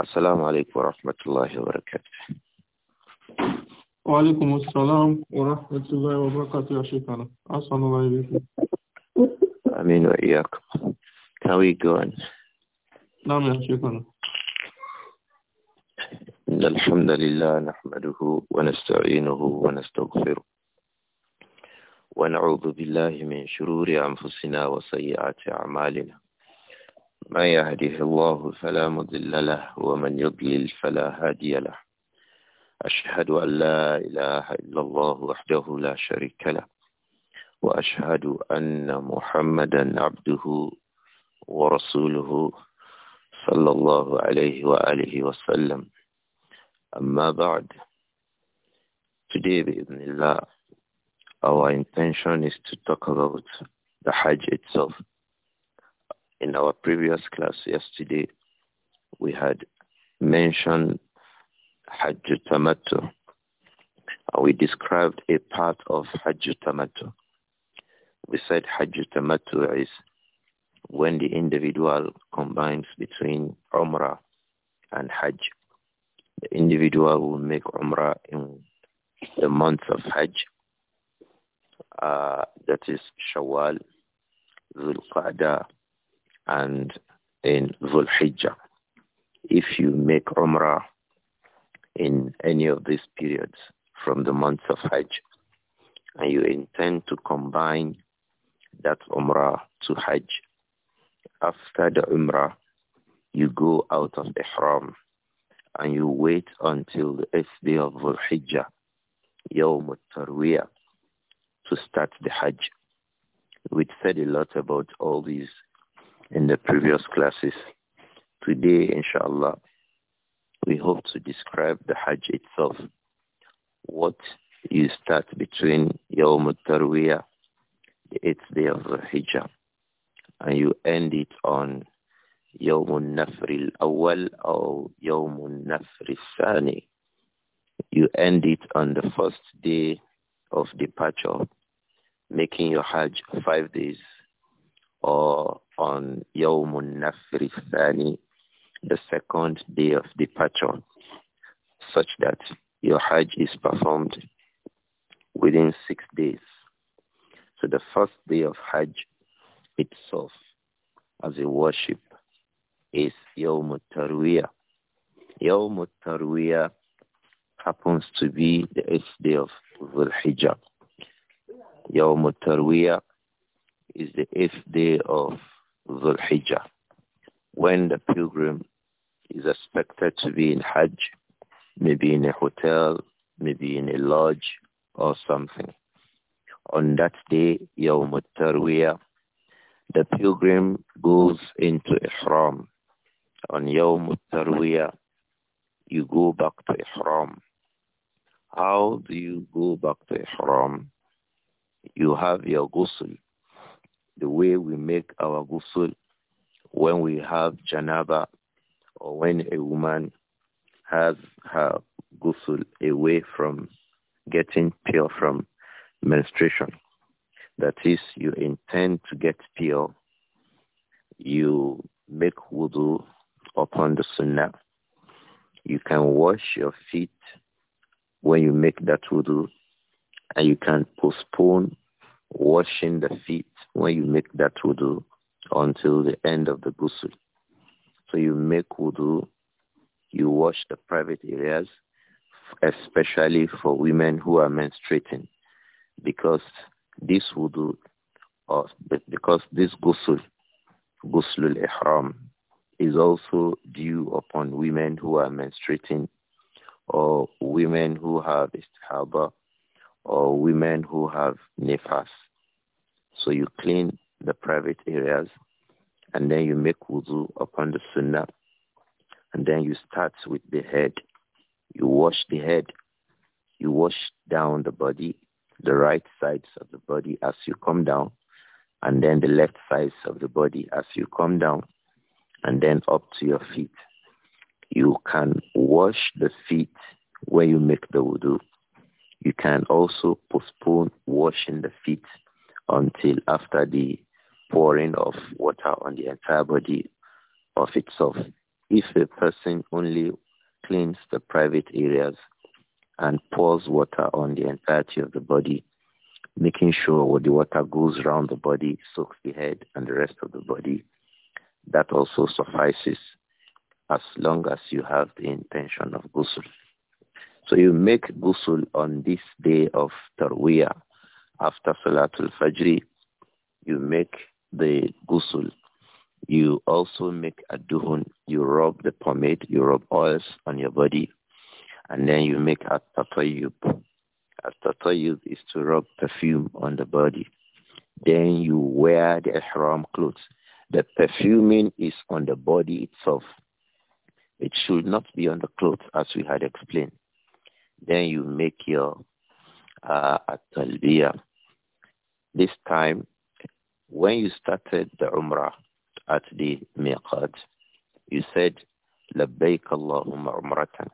السلام عليكم ورحمة الله وبركاته وعليكم السلام ورحمة الله وبركاته يا شيخنا أحسن الله إليكم أمين وإياكم How are you going? نعم يا شيخنا إن الحمد لله نحمده ونستعينه ونستغفره ونعوذ بالله من شرور أنفسنا وسيئات أعمالنا ما يهديه الله فلا مضل له ومن يضلل فلا هادي له أشهد أن لا إله إلا الله وحده لا شريك له وأشهد أن محمدا عبده ورسوله صلى الله عليه وآله وسلم أما بعد Today, بإذن الله, our intention is to talk about the Hajj itself. In our previous class yesterday, we had mentioned Hajj Tamattu. Uh, we described a part of Hajj Tamattu. We said Hajj Tamattu is when the individual combines between Umrah and Hajj. The individual will make Umrah in the month of Hajj, uh, that is Shawwal, Dhul Qa'dah, and in Dhul Hijjah. If you make Umrah in any of these periods from the months of Hajj, and you intend to combine that Umrah to Hajj, after the Umrah, you go out of Ihram and you wait until the eighth day of Dhul Hijjah, Yawm tarwiyah to start the Hajj. We have said a lot about all these in the previous classes. Today, inshallah, we hope to describe the Hajj itself. What you start between Yawm al-Tarwiyah, the eighth day of the Hijjah, and you end it on Yawm al-Nafr al-Awwal or Yawm al al sani You end it on the first day of departure, making your Hajj five days or on Yawmun Nafri Thani, the second day of departure, such that your Hajj is performed within six days. So the first day of Hajj itself as a worship is Yawm Tarwiyah. Yawm Tarwiyah happens to be the eighth day of Dhul Hijjah. Yawm Tarwiyah is the eighth day of Dhul Hijjah, when the pilgrim is expected to be in Hajj, maybe in a hotel, maybe in a lodge or something. On that day, Yawm Tarwiyah, the pilgrim goes into Ihram. On Yawm Tarwiyah, you go back to Ihram. How do you go back to Ihram? You have your ghusl the way we make our ghusl when we have janaba or when a woman has her ghusl away from getting pure from menstruation. That is, you intend to get pure, you make wudu upon the sunnah. You can wash your feet when you make that wudu, and you can postpone washing the feet when you make that wudu until the end of the ghusl. So you make wudu, you wash the private areas, especially for women who are menstruating, because this wudu, or because this ghusl, ghuslul ihram, is also due upon women who are menstruating or women who have istihaba or women who have nifas. So you clean the private areas and then you make wudu upon the sunnah and then you start with the head. You wash the head. You wash down the body, the right sides of the body as you come down and then the left sides of the body as you come down and then up to your feet. You can wash the feet when you make the wudu. You can also postpone washing the feet until after the pouring of water on the entire body of itself. If a person only cleans the private areas and pours water on the entirety of the body, making sure the water goes around the body, soaks the head and the rest of the body, that also suffices as long as you have the intention of ghusl. So you make ghusl on this day of Tarwiyah after Salatul Fajr, you make the ghusl. You also make a duhun. You rub the pomade, you rub oils on your body, and then you make a tatayyub. A tatayyub is to rub perfume on the body. Then you wear the ihram clothes. The perfuming is on the body itself. It should not be on the clothes as we had explained. Then you make your uh, talbiyah this time, when you started the Umrah at the Miqat, you said, Labbaik Allahumma Umratan.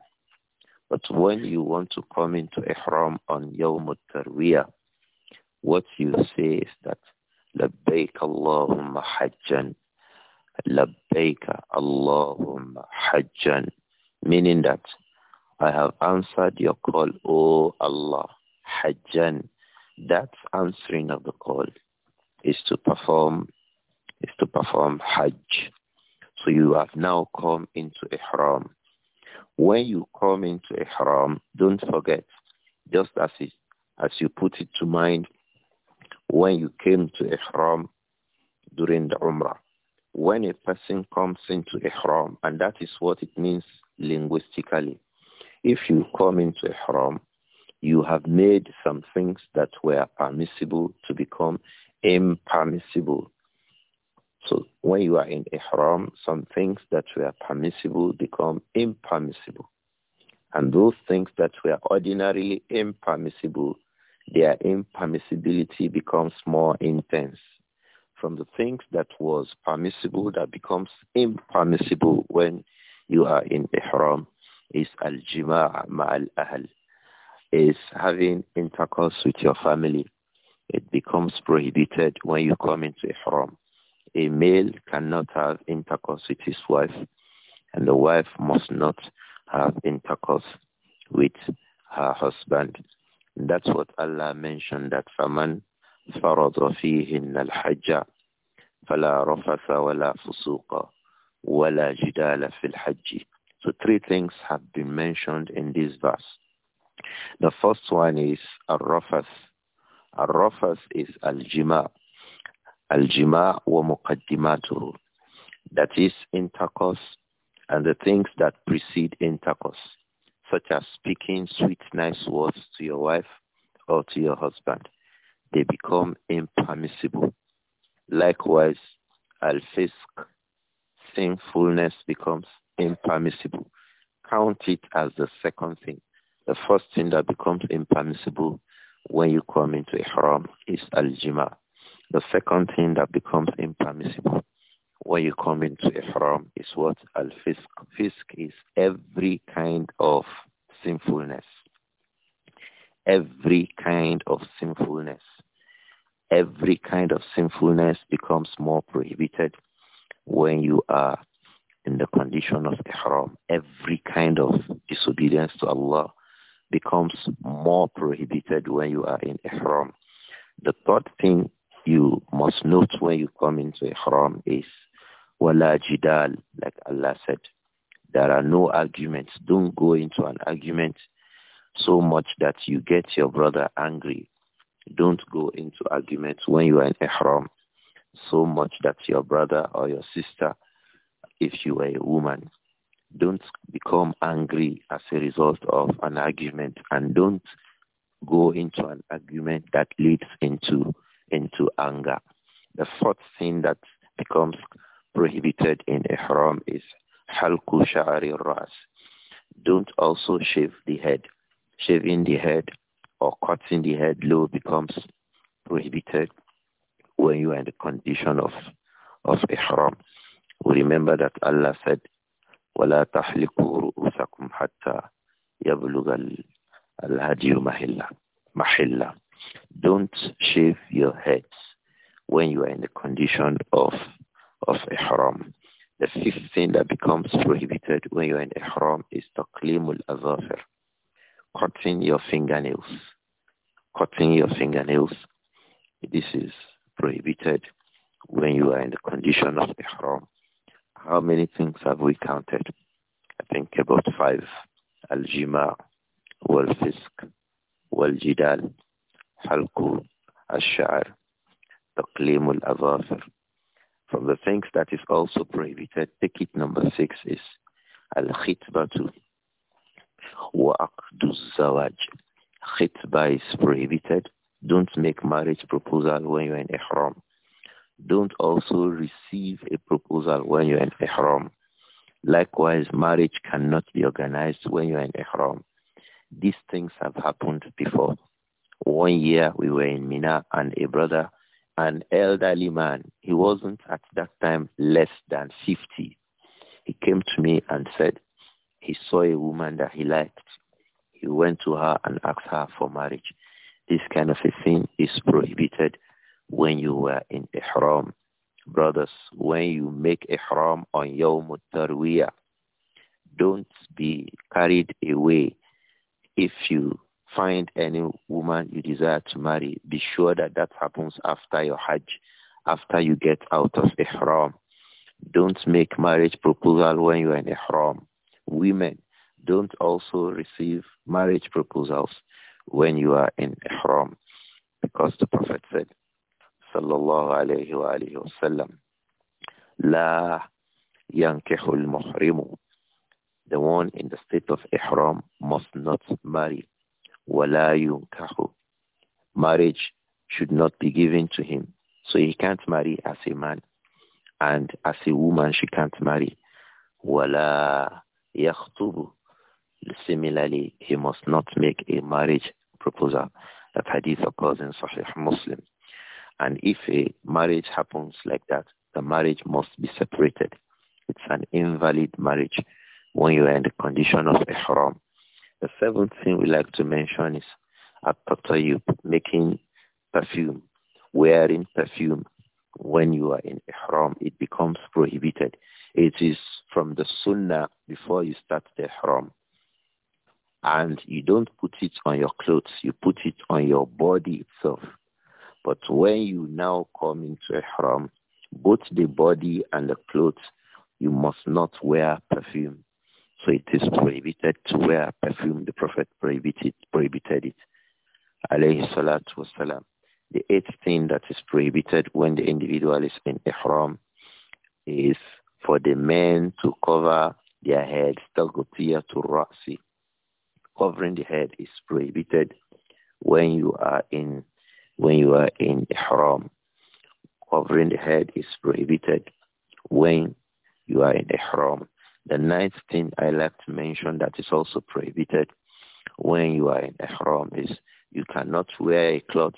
But when you want to come into Ihram on Yawm al-Tarwiyah, what you say is that, Labbaik Allahumma Hajjan. Labbaik Allahumma Hajjan. Meaning that, I have answered your call, O Allah, Hajjan. That answering of the call is to perform is to perform Hajj. So you have now come into Ihram. When you come into Ihram, don't forget, just as it, as you put it to mind, when you came to Ihram during the Umrah. When a person comes into Ihram, and that is what it means linguistically. If you come into Ihram, you have made some things that were permissible to become impermissible. So when you are in ihram, some things that were permissible become impermissible. And those things that were ordinarily impermissible, their impermissibility becomes more intense. From the things that was permissible that becomes impermissible when you are in ihram is al-jima'a ma'al-ahl is having intercourse with your family. It becomes prohibited when you come into a Ihram. A male cannot have intercourse with his wife, and the wife must not have intercourse with her husband. that's what Allah mentioned that فَمَنْ فَرَضَ فِيهِنَّ الْحَجَّ فَلَا رَفَثَ وَلَا فُسُوقَ وَلَا جِدَالَ فِي الْحَجِّ So three things have been mentioned in this verse. The first one is Al-Rafas. Al-Rafas is Al-Jima. Al-Jima wa muqaddimatuhu. That is intercourse and the things that precede intercourse, such as speaking sweet, nice words to your wife or to your husband. They become impermissible. Likewise, al-fisk, sinfulness becomes impermissible. Count it as the second thing. The first thing that becomes impermissible when you come into ihram is al-jima. The second thing that becomes impermissible when you come into ihram is what al-fisk. Fisk is every kind of sinfulness. Every kind of sinfulness. Every kind of sinfulness becomes more prohibited when you are in the condition of ihram. Every kind of disobedience to Allah, becomes more prohibited when you are in ihram. The third thing you must note when you come into ihram is wala jidal, like Allah said. There are no arguments. Don't go into an argument so much that you get your brother angry. Don't go into arguments when you are in ihram so much that your brother or your sister, if you are a woman, don't become angry as a result of an argument and don't go into an argument that leads into, into anger. The fourth thing that becomes prohibited in ihram is halku sha'ari ras. Don't also shave the head. Shaving the head or cutting the head low becomes prohibited when you are in the condition of of ihram. remember that Allah said, ولا تحلقوا رؤوسكم حتى يبلغ الهدي محلة Don't shave your heads when you are in the condition of of ihram. The fifth thing that becomes prohibited when you are in ihram is taqlimul azafir, cutting your fingernails. Cutting your fingernails. This is prohibited when you are in the condition of ihram how many things have we counted? I think about five. Al-jima, wal-fisk, wal-jidal, halku, Al shar taqlim al From the things that is also prohibited, ticket number six is al-khitbatu wa aqdu zawaj Khitbah is prohibited. Don't make marriage proposal when you're in ihram. Don't also receive a proposal when you're in ihram. Likewise, marriage cannot be organized when you're in ihram. These things have happened before. One year we were in Mina and a brother, an elderly man, he wasn't at that time less than 50. He came to me and said he saw a woman that he liked. He went to her and asked her for marriage. This kind of a thing is prohibited when you were in Ihram. Brothers, when you make Ihram on Yawm Tarwiyah, don't be carried away. If you find any woman you desire to marry, be sure that that happens after your Hajj, after you get out of Ihram. Don't make marriage proposal when you are in Ihram. Women, don't also receive marriage proposals when you are in Ihram because the Prophet said, the one in the state of ihram must not marry. Marriage should not be given to him. So he can't marry as a man. And as a woman, she can't marry. Similarly, he must not make a marriage proposal. That hadith occurs in Sahih Muslim. And if a marriage happens like that, the marriage must be separated. It's an invalid marriage when you are in the condition of ihram. The seventh thing we like to mention is at making perfume, wearing perfume when you are in ihram. It becomes prohibited. It is from the sunnah before you start the ihram. And you don't put it on your clothes. You put it on your body itself. But when you now come into ihram, both the body and the clothes, you must not wear perfume. So it is prohibited to wear perfume. The Prophet prohibited, prohibited it. Alayhi salatu wasalam. The eighth thing that is prohibited when the individual is in ihram is for the men to cover their heads, tagotia to rasi. Covering the head is prohibited when you are in when you are in ihram. Covering the head is prohibited when you are in ihram. The ninth thing I like to mention that is also prohibited when you are in ihram is you cannot wear a cloth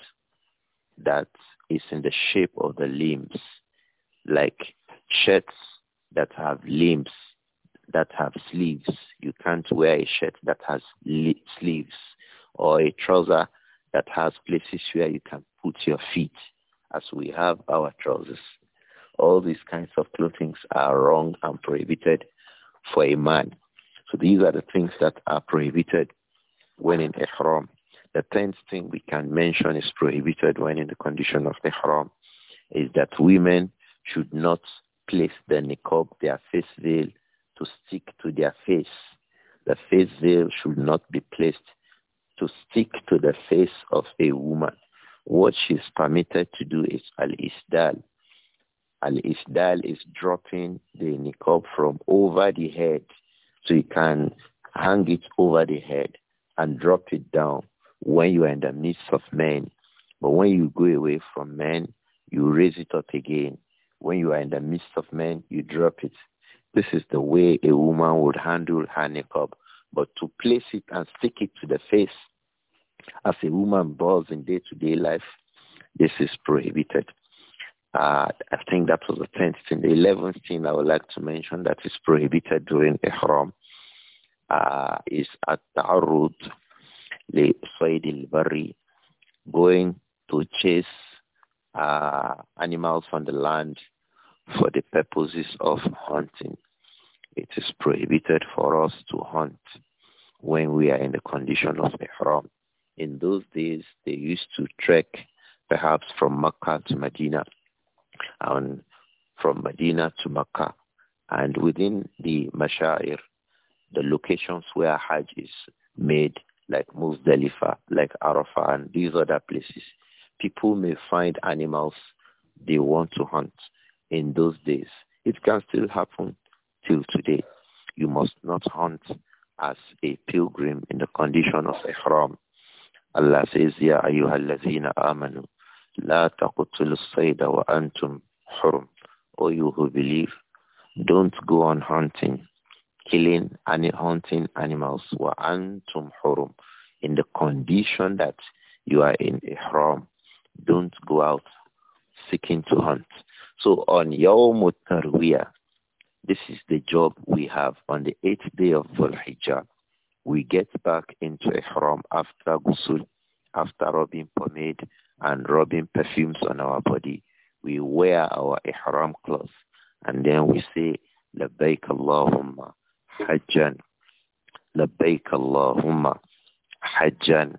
that is in the shape of the limbs, like shirts that have limbs, that have sleeves. You can't wear a shirt that has sleeves or a trouser that has places where you can put your feet as we have our trousers. All these kinds of clothing are wrong and prohibited for a man. So these are the things that are prohibited when in ihram. The tenth thing we can mention is prohibited when in the condition of ihram is that women should not place the niqab, their face veil, to stick to their face. The face veil should not be placed to stick to the face of a woman. What she's permitted to do is al-isdal. Al-isdal is dropping the niqab from over the head. So you can hang it over the head and drop it down when you are in the midst of men. But when you go away from men, you raise it up again. When you are in the midst of men, you drop it. This is the way a woman would handle her niqab. But to place it and stick it to the face as a woman does in day-to-day life, this is prohibited. Uh, I think that was the 10th thing. The 11th thing I would like to mention that is prohibited during Ihram uh, is at the li al-barri, going to chase uh, animals on the land for the purposes of hunting. It is prohibited for us to hunt when we are in the condition of ihram. In those days, they used to trek perhaps from Mecca to Medina and from Medina to Mecca. And within the Mashair, the locations where Hajj is made, like Muzdalifah, like Arafah, and these other places, people may find animals they want to hunt in those days. It can still happen till today. You must not hunt as a pilgrim in the condition of ihram. Allah says, Ya ayyuhallazina amanu, la taqutul sayda wa antum hurum. O you who believe, don't go on hunting, killing and hunting animals wa antum hurum. In the condition that you are in ihram, don't go out seeking to hunt. So on Yawm Tarwiyah, this is the job we have on the eighth day of Dhul Hijjah. We get back into Ihram after Ghusl, after rubbing pomade and rubbing perfumes on our body. We wear our Ihram clothes and then we say, لبيك اللهم حجا لبيك اللهم حجا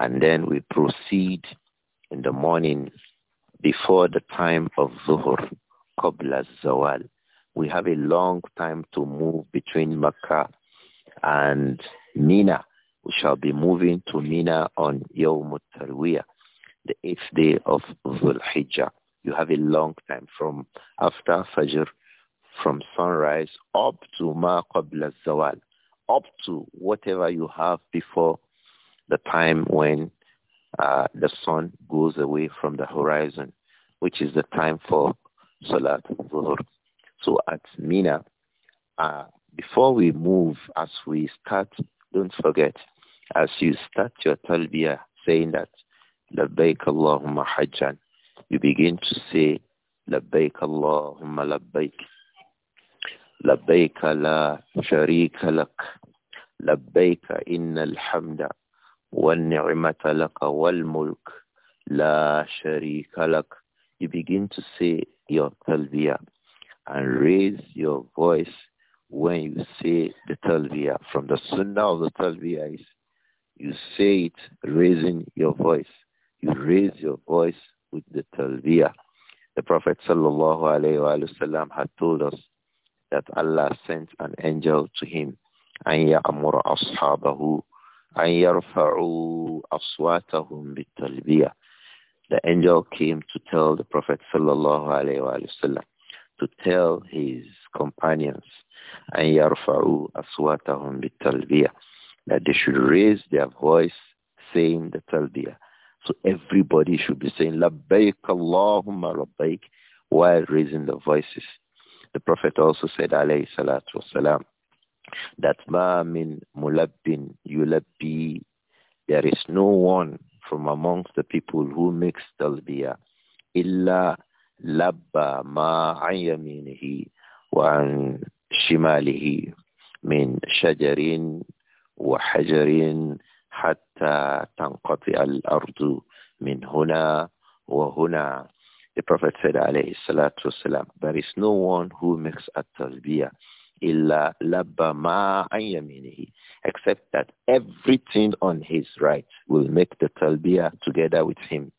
and then we proceed in the morning before the time of Zuhur, قبل الزوال we have a long time to move between Makkah and Mina. We shall be moving to Mina on Yawm Tarwiyah, the eighth day of Dhul Hijjah. You have a long time from after Fajr, from sunrise up to Ma al Zawal, up to whatever you have before the time when uh, the sun goes away from the horizon, which is the time for Salat Dhuhr. So at Mina. Uh, before we move, as we start, don't forget, as you start your talbiya, saying that, labbaik Allahumma hajjan, you begin to say, labbaik Allahumma labbaik, labbaik la sharika lak, labbaik innal hamda, wal ni'mata laka wal mulk, la sharika lak. You begin to say your talbiyah and raise your voice when you say the talbiyah. From the sunnah of the talbiyah is you say it raising your voice. You raise your voice with the talbiyah. The Prophet sallallahu alaihi wasallam had told us that Allah sent an angel to him أن يأمر أصحابه أن يرفعوا أصواتهم بالتلبية. The angel came to tell the Prophet sallallahu alaihi wasallam to tell his companions and yarfa'u aswatahum bitalbiyah that they should raise their voice saying the talbiyah. So everybody should be saying labbaik Allahumma labbaik while raising the voices. The Prophet also said alayhi salatu wasalam that ma min mulabbin yulabbi there is no one from amongst the people who makes talbiyah illa لبى ما عن يمينه وعن شماله من شجر وحجر حتى تنقطع الأرض من هنا وهنا The Prophet said, عليه الصلاة والسلام there is no one who makes a tasbih لبى ما عن يمينه except that everything on his right will make the tasbih together with him.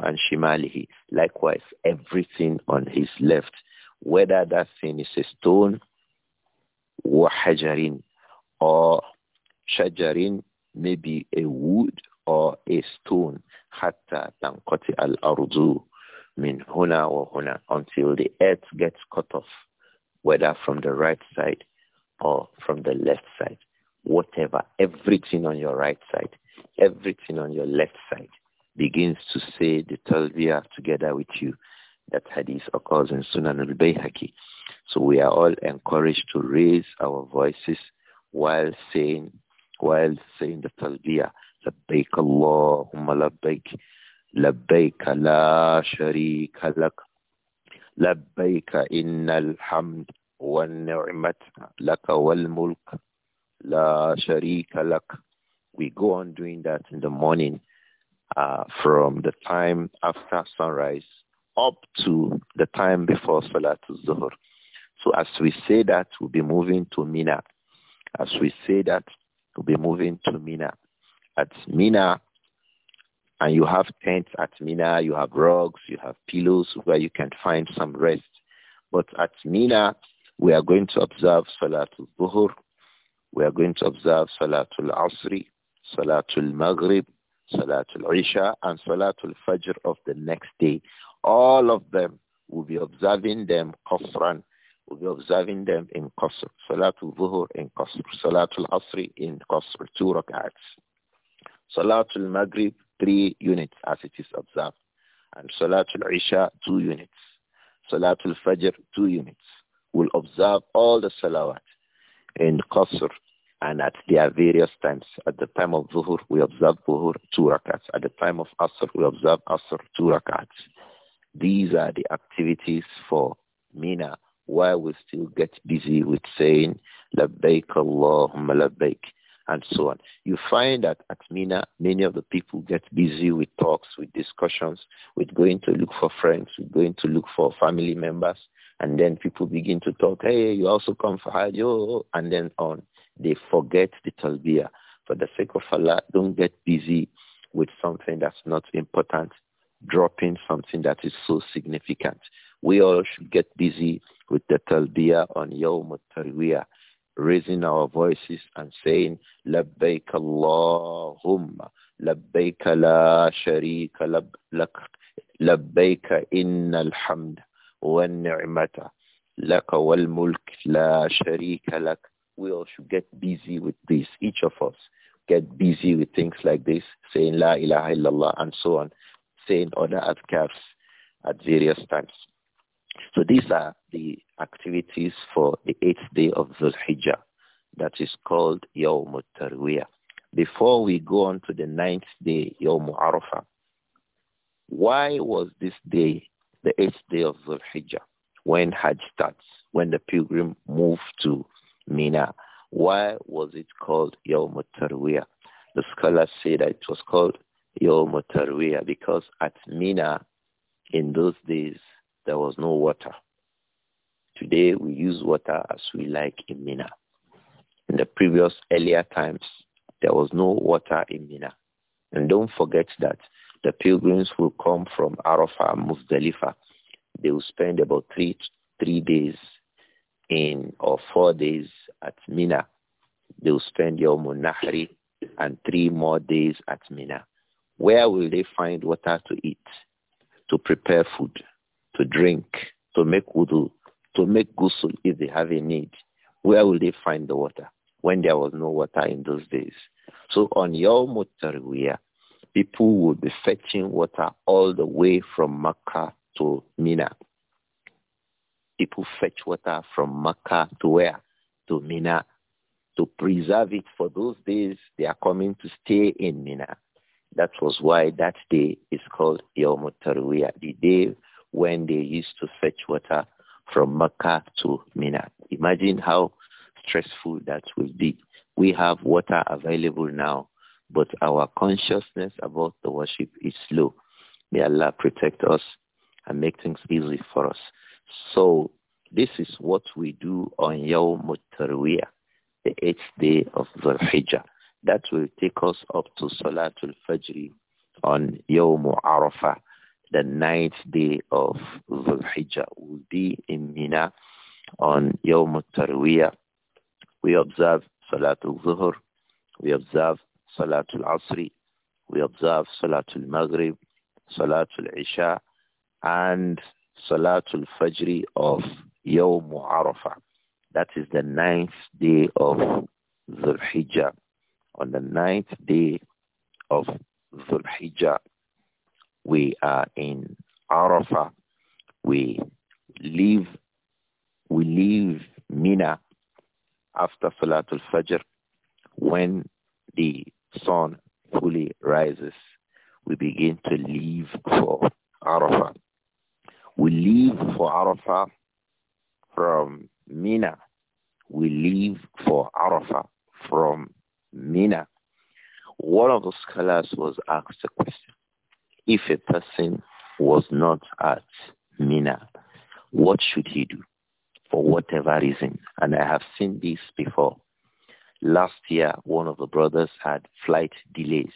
and Shimalihi. Likewise, everything on his left, whether that thing is a stone, hajarin, or shajarin, maybe a wood or a stone, hatta tanqati al-ardu min huna wa huna, until the earth gets cut off, whether from the right side or from the left side. Whatever, everything on your right side, everything on your left side, begins to say the talbiyah together with you. That hadith occurs in Sunan al-Bayhaqi. So we are all encouraged to raise our voices while saying, while saying the talbiyah. لبيك اللهم لبيك لبيك لا شريك لك لبيك إن الحمد والنعمة لك والملك لا شريك لك We go on doing that in the morning uh, from the time after sunrise up to the time before Salatul Zuhr. So as we say that, we'll be moving to Mina. As we say that, we'll be moving to Mina. At Mina, and you have tents at Mina, you have rugs, you have pillows where you can find some rest. But at Mina, we are going to observe Salatul Zuhr. We are going to observe Salatul Asri, Salatul Maghrib, Salatul Isha and Salatul Fajr of the next day. All of them will be observing them Qasran. will be observing them in Qasr. Salatul Zuhur in Qasr. Salatul Asri in Qasr. Two rak'ats. Salatul Maghrib, three units as it is observed. And Salatul Isha, two units. Salatul Fajr, two units. will observe all the salawat in Qasr and at their various times. At the time of Zuhur, we observe Zuhur, two rakats. At the time of Asr, we observe Asr, two rakats. These are the activities for Mina where we still get busy with saying Labbaik Allahumma Labbaik and so on. You find that at Mina, many of the people get busy with talks, with discussions, with going to look for friends, with going to look for family members, and then people begin to talk, hey, you also come for Hajj, oh, oh, oh, and then on they forget the talbiyah. For the sake of Allah, don't get busy with something that's not important, dropping something that is so significant. We all should get busy with the talbiyah on Yawm al-Talwiyah, raising our voices and saying, Labbaik Allahumma, Labbaik la sharika lak, Labbaik inna alhamd wa ni'mata, laka wal mulk la sharika lak, we all should get busy with this, each of us. Get busy with things like this, saying La ilaha illallah and so on, saying other adhkars at various times. So these are the activities for the eighth day of the Hijjah that is called Yawm Tarwiyah. Before we go on to the ninth day, Yawm Arafah, why was this day the eighth day of the Hijjah when Hajj starts, when the pilgrim moved to Mina. Why was it called Yawm tarwiyah The scholars say that it was called Yawm tarwiyah because at Mina, in those days, there was no water. Today, we use water as we like in Mina. In the previous earlier times, there was no water in Mina. And don't forget that the pilgrims will come from Arafah and Muzdalifah. They will spend about three, three days in or four days at Mina. They will spend your Nahri and three more days at Mina. Where will they find water to eat, to prepare food, to drink, to make wudu, to make ghusl if they have a need? Where will they find the water when there was no water in those days? So on Yom Tarwiyah, people would be fetching water all the way from Makkah to Mina people fetch water from Makkah to where? To Mina. To preserve it for those days they are coming to stay in Mina. That was why that day is called Yom Tarwiyah, the day when they used to fetch water from Makkah to Mina. Imagine how stressful that will be. We have water available now, but our consciousness about the worship is low. May Allah protect us and make things easy for us. So this is what we do on Yawm Tarwiyah, the eighth day of Dhul Hijjah. That will take us up to Salatul Fajr on Yawm Arafah, the ninth day of Dhul Hijjah. We'll be in Mina on Yawm Tarwiyah. We observe Salatul zuhur we observe Salatul Asri, we observe Salatul Maghrib, Salatul Isha, and Salatul Fajr of Yawm Arafah. That is the ninth day of Dhul Hijjah. On the ninth day of Dhul Hijjah, we are in Arafah. We leave, we leave Mina after Salatul Fajr when the sun fully rises. We begin to leave for for Arafah from Mina. We leave for Arafah from Mina. One of the scholars was asked a question. If a person was not at Mina, what should he do? For whatever reason. And I have seen this before. Last year, one of the brothers had flight delays.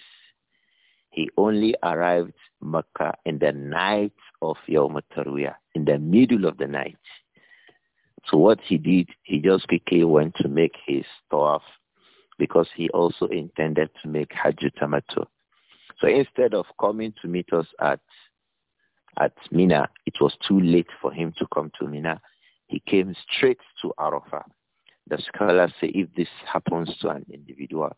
He only arrived Makkah in the night of Yom Tarwiyah, in the middle of the night. So what he did, he just quickly went to make his tawaf because he also intended to make Hajj So instead of coming to meet us at at Mina, it was too late for him to come to Mina. He came straight to Arafah. The scholars say if this happens to an individual,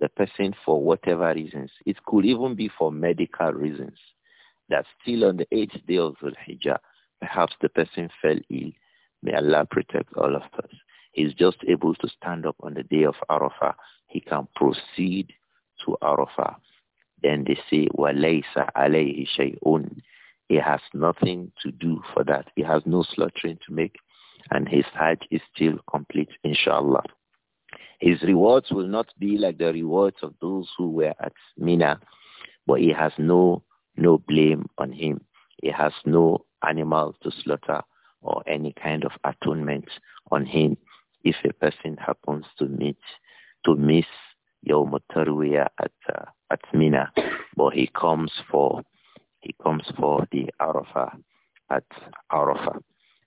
the person for whatever reasons. It could even be for medical reasons. That still on the eighth day of Zulhijjah, perhaps the person fell ill. May Allah protect all of us. He's just able to stand up on the day of Arafah. He can proceed to Arafah. Then they say, وَلَيْسَ عَلَيْهِ شَيْءٌ He has nothing to do for that. He has no slaughtering to make and his Hajj is still complete, inshallah. His rewards will not be like the rewards of those who were at Mina, but he has no, no blame on him. He has no animal to slaughter or any kind of atonement on him if a person happens to meet, to miss your Tarwiyah at, uh, at Mina, but he comes for, he comes for the Arafah at Arafah.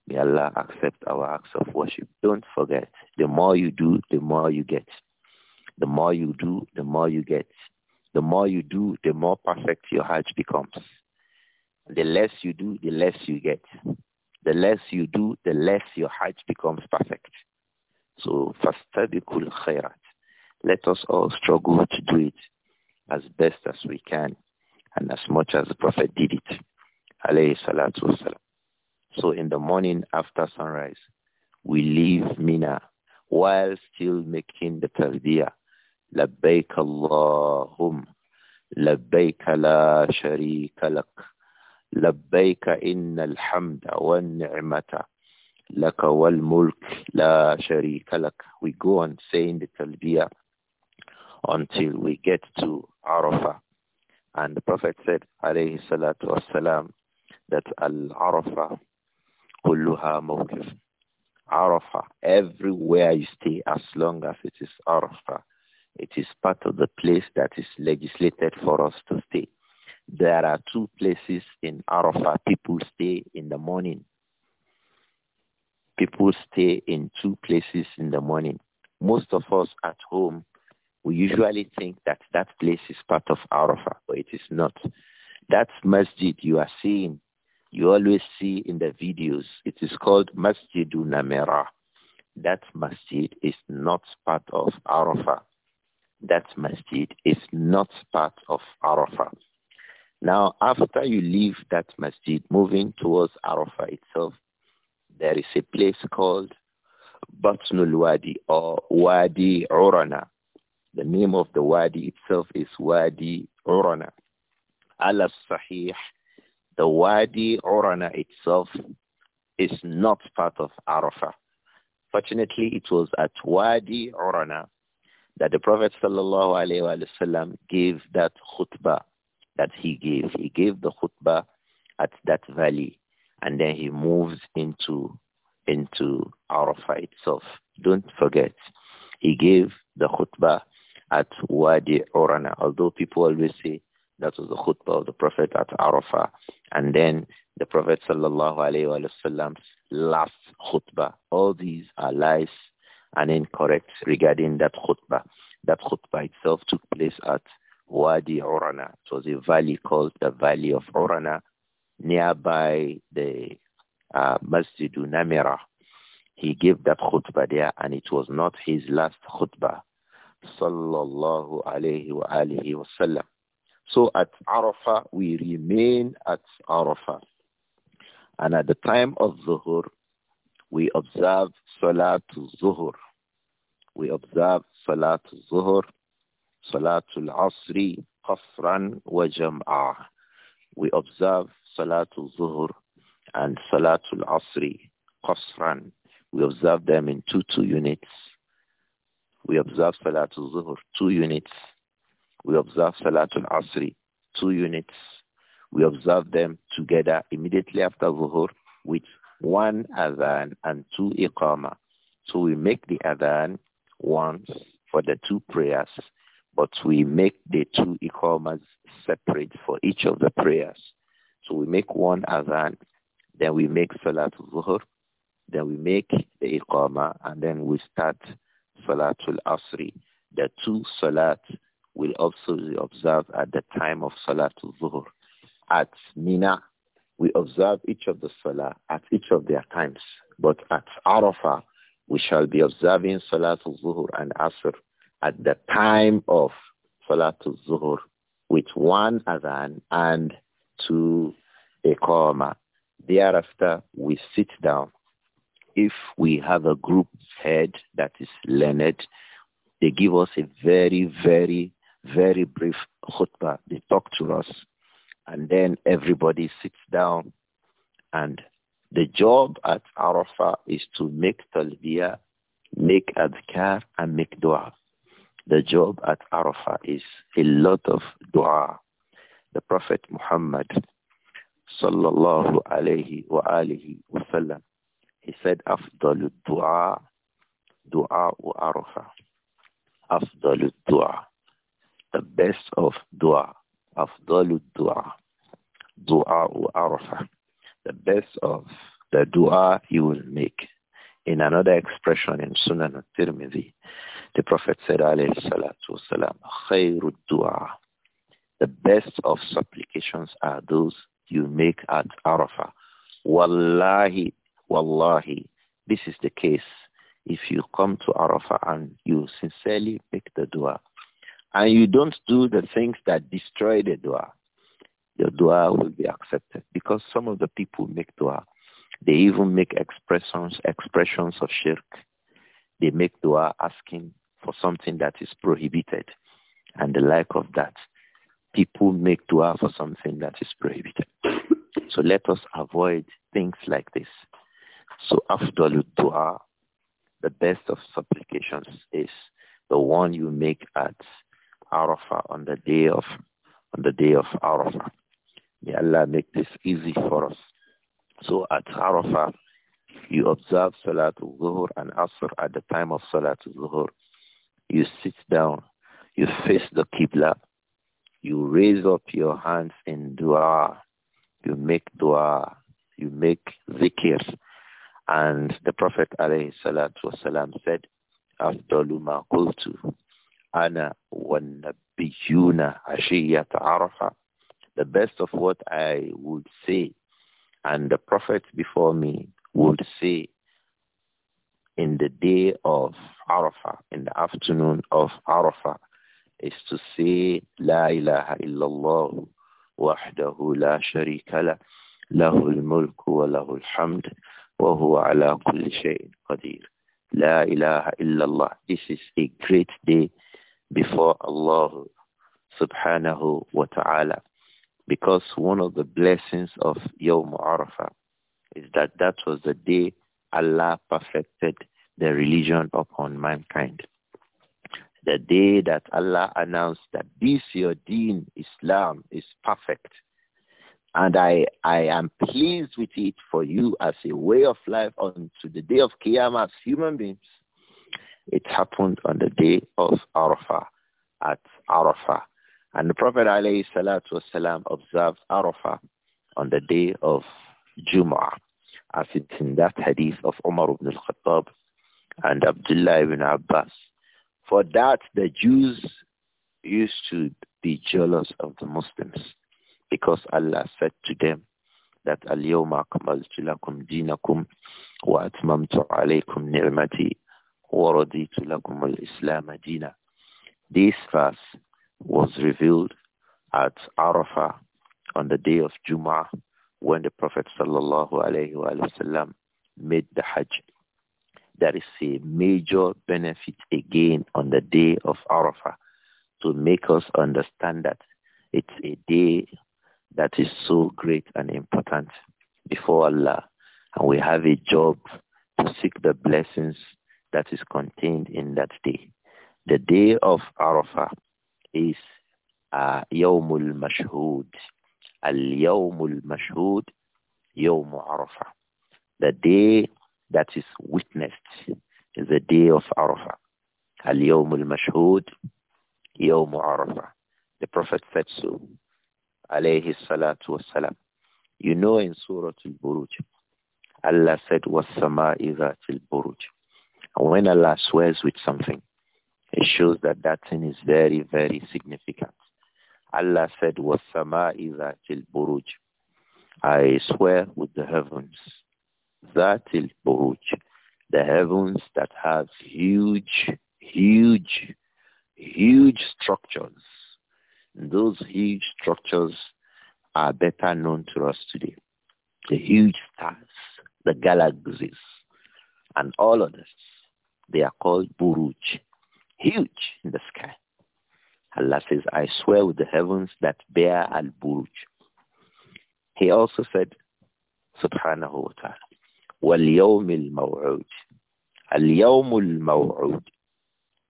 May Allah accept our acts of worship. Don't forget, the more you do, the more you get. The more you do, the more you get. The more you do, the more perfect your heart becomes. The less you do, the less you get. The less you do, the less your heart becomes perfect. So, fastabiqul khairat. Let us all struggle to do it as best as we can and as much as the Prophet did it. So in the morning after sunrise, we leave Mina while still making the tarbiyah. لبيك اللهم لبيك لا شريك لك لبيك إن الحمد والنعمة لك والملك لا شريك لك we go on saying the talbiyah until we get to Arafah and the Prophet said عليه الصلاة والسلام that al-Arafah كلها موقف Arafah. Everywhere you stay, as long as it is Arafah, it is part of the place that is legislated for us to stay. There are two places in Arafah people stay in the morning. People stay in two places in the morning. Most of us at home, we usually think that that place is part of Arafah, but it is not. That masjid you are seeing you always see in the videos. It is called Masjidu Namera. That masjid is not part of Arafah. That masjid is not part of Arafah. Now, after you leave that masjid, moving towards Arafah itself, there is a place called Batnul Wadi or Wadi Urana. The name of the Wadi itself is Wadi Urana. Allah sahih the Wadi Orana itself is not part of Arafah. Fortunately, it was at Wadi Orana that the Prophet wasallam gave that khutbah that he gave. He gave the khutbah at that valley and then he moves into into Arafah itself. Don't forget, he gave the khutbah at Wadi Orana, although people always say that was the khutbah of the Prophet at Arafah. And then the Prophet sallallahu alayhi wasallam's last khutbah. All these are lies and incorrect regarding that khutbah. That khutbah itself took place at Wadi Orana. It was a valley called the Valley of Orana nearby the uh, Masjid Namira. He gave that khutbah there and it was not his last khutbah. Sallallahu alayhi wa alihi wa sallam. So at Arafah, we remain at Arafah. And at the time of Zuhur, we observe Salatul Zuhur. We observe Salatul Zuhur, Salatul Asri, Qasran wa Jam'ah. We observe Salatul Zuhur and Salatul Asri, Qasran. We observe them in two, two units. We observe Salatul Zuhur, two units we observe Salatul Asri, two units. We observe them together immediately after Zuhur with one Adhan and two Iqama. So we make the Adhan once for the two prayers, but we make the two Iqamas separate for each of the prayers. So we make one Adhan, then we make Salatul Zuhur, then we make the Iqama, and then we start Salatul Asri, the two Salat will also be observed at the time of Salatul zuhr At Mina, we observe each of the Salah at each of their times. But at Arafah, we shall be observing Salatul zuhr and Asr at the time of Salatul zuhr with one Adhan and two Iqamah. Thereafter, we sit down. If we have a group head that is learned, they give us a very, very very brief khutbah. They talk to us and then everybody sits down and the job at Arafah is to make talbiyah, make adhkar and make dua. The job at Arafah is a lot of dua. The Prophet Muhammad sallallahu alayhi wa alihi wa sallam, he said, "أفضل الدعاء دعاء wa أفضل الدعاء." the best of dua, afdalu dua, dua arafa the best of the dua you will make. In another expression in Sunan al-Tirmidhi, the Prophet said, alayhi salatu dua, the best of supplications are those you make at Arafah. Wallahi, wallahi, this is the case. If you come to Arafah and you sincerely make the dua, and you don't do the things that destroy the dua, your dua will be accepted. Because some of the people make dua. They even make expressions, expressions of shirk. They make dua asking for something that is prohibited and the like of that. People make dua for something that is prohibited. So let us avoid things like this. So afdal dua, the best of supplications is the one you make at Arafah, on the day of, on the day of Arafah. May Allah make this easy for us. So at Arafah, you observe Salatul Zuhur and Asr at the time of Salatul Zuhur. You sit down, you face the Qibla, you raise up your hands in dua, you make dua, you make zikr. And the Prophet ﷺ said, Afdalu ma أنا والنبيون عشية عرفة the best of what I would say and the prophets before me would say in the day of Arafah, in the afternoon of Arafah, is to say, La ilaha illallah wahdahu la sharika la, lahu al-mulku wa lahu al-hamd, wa huwa ala kulli shay'in qadir. La ilaha illallah. This is a great day before Allah subhanahu wa ta'ala. Because one of the blessings of Yawm Arafah is that that was the day Allah perfected the religion upon mankind. The day that Allah announced that this your deen, Islam, is perfect. And I, I am pleased with it for you as a way of life unto the day of Qiyamah as human beings. It happened on the day of Arafah, at Arafah. And the Prophet والسلام, observed Arafah on the day of Jum'ah, as it's in that hadith of Umar ibn al-Khattab and Abdullah ibn Abbas. For that, the Jews used to be jealous of the Muslims because Allah said to them that Al-Yawma akmaltu lakum dinakum wa atmamtu alaykum ni'mati this verse was revealed at Arafah on the day of Jum'ah when the Prophet sallallahu made the Hajj. That is a major benefit again on the day of Arafah to make us understand that it's a day that is so great and important before Allah and we have a job to seek the blessings that is contained in that day. The day of Arafah is uh, Yawmul Mashhud. Al-Yawmul Mashhud, Yawm Arafah. The day that is witnessed is the day of Arafah. al Yomul mashhud Yawm Arafah. The Prophet said so, alayhi salatu wassalam. You know in Surah Al-Buruj, Allah said, وَالسَّمَاءِ ذَاتِ الْبُرُجِ and when Allah swears with something, it shows that that thing is very, very significant. Allah said, وَالسَّمَاءِ ذَاتِ الْبُرُوجِ I swear with the heavens, ذَاتِ الْبُرُوجِ The heavens that have huge, huge, huge structures. Those huge structures are better known to us today. The huge stars, the galaxies, and all others they are called buruj, huge in the sky. Allah says, I swear with the heavens that bear al-buruj. He also said, subhanahu wa ta'ala, وَالْيَوْمِ الْمَوْعُودِ الْيَوْمُ الْمَوْعُودِ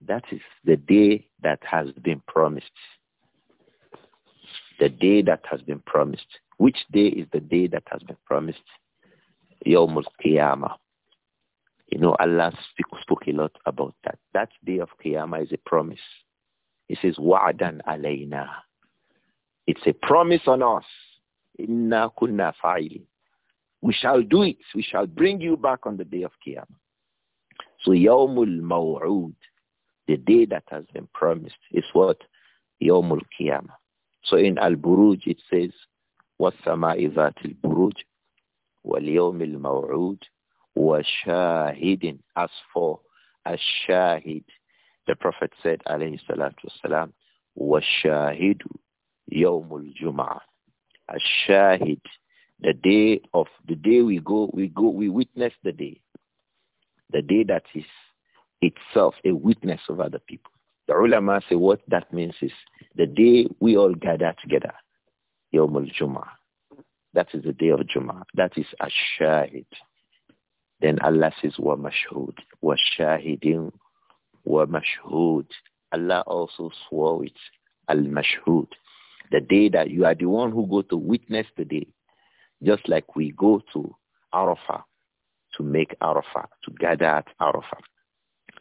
That is the day that has been promised. The day that has been promised. Which day is the day that has been promised? Yawmul Qiyamah. You know, Allah speak, spoke a lot about that. That day of Qiyamah is a promise. He says, "Waadan alayna. It's a promise on us. Inna kunna fa'ili. We shall do it. We shall bring you back on the day of Qiyamah. So Yawmul Maw'ud, the day that has been promised, is what? Yawmul Qiyamah. So in Al-Buruj it says, وَالسَّمَاءِ ذَاتِ الْبُرُوجِ وَالْيَوْمِ الْمَوْعُودِ وَشَاهِدٍ As for shahid, the Prophet said, alayhi salatu wasalam, وَالشَّاهِدُ يَوْمُ a shahid, the day of, the day we go, we go, we witness the day. The day that is itself a witness of other people. The ulama say what that means is the day we all gather together. Yawmul Jum'ah. That is the day of Jum'ah. That a Ash-Shahid. Then Allah says, wa mashhud, wa shahidin, wa mashhud. Allah also swore it, al-mashhud. The day that you are the one who go to witness the day. Just like we go to Arafah to make Arafah, to gather at Arafah.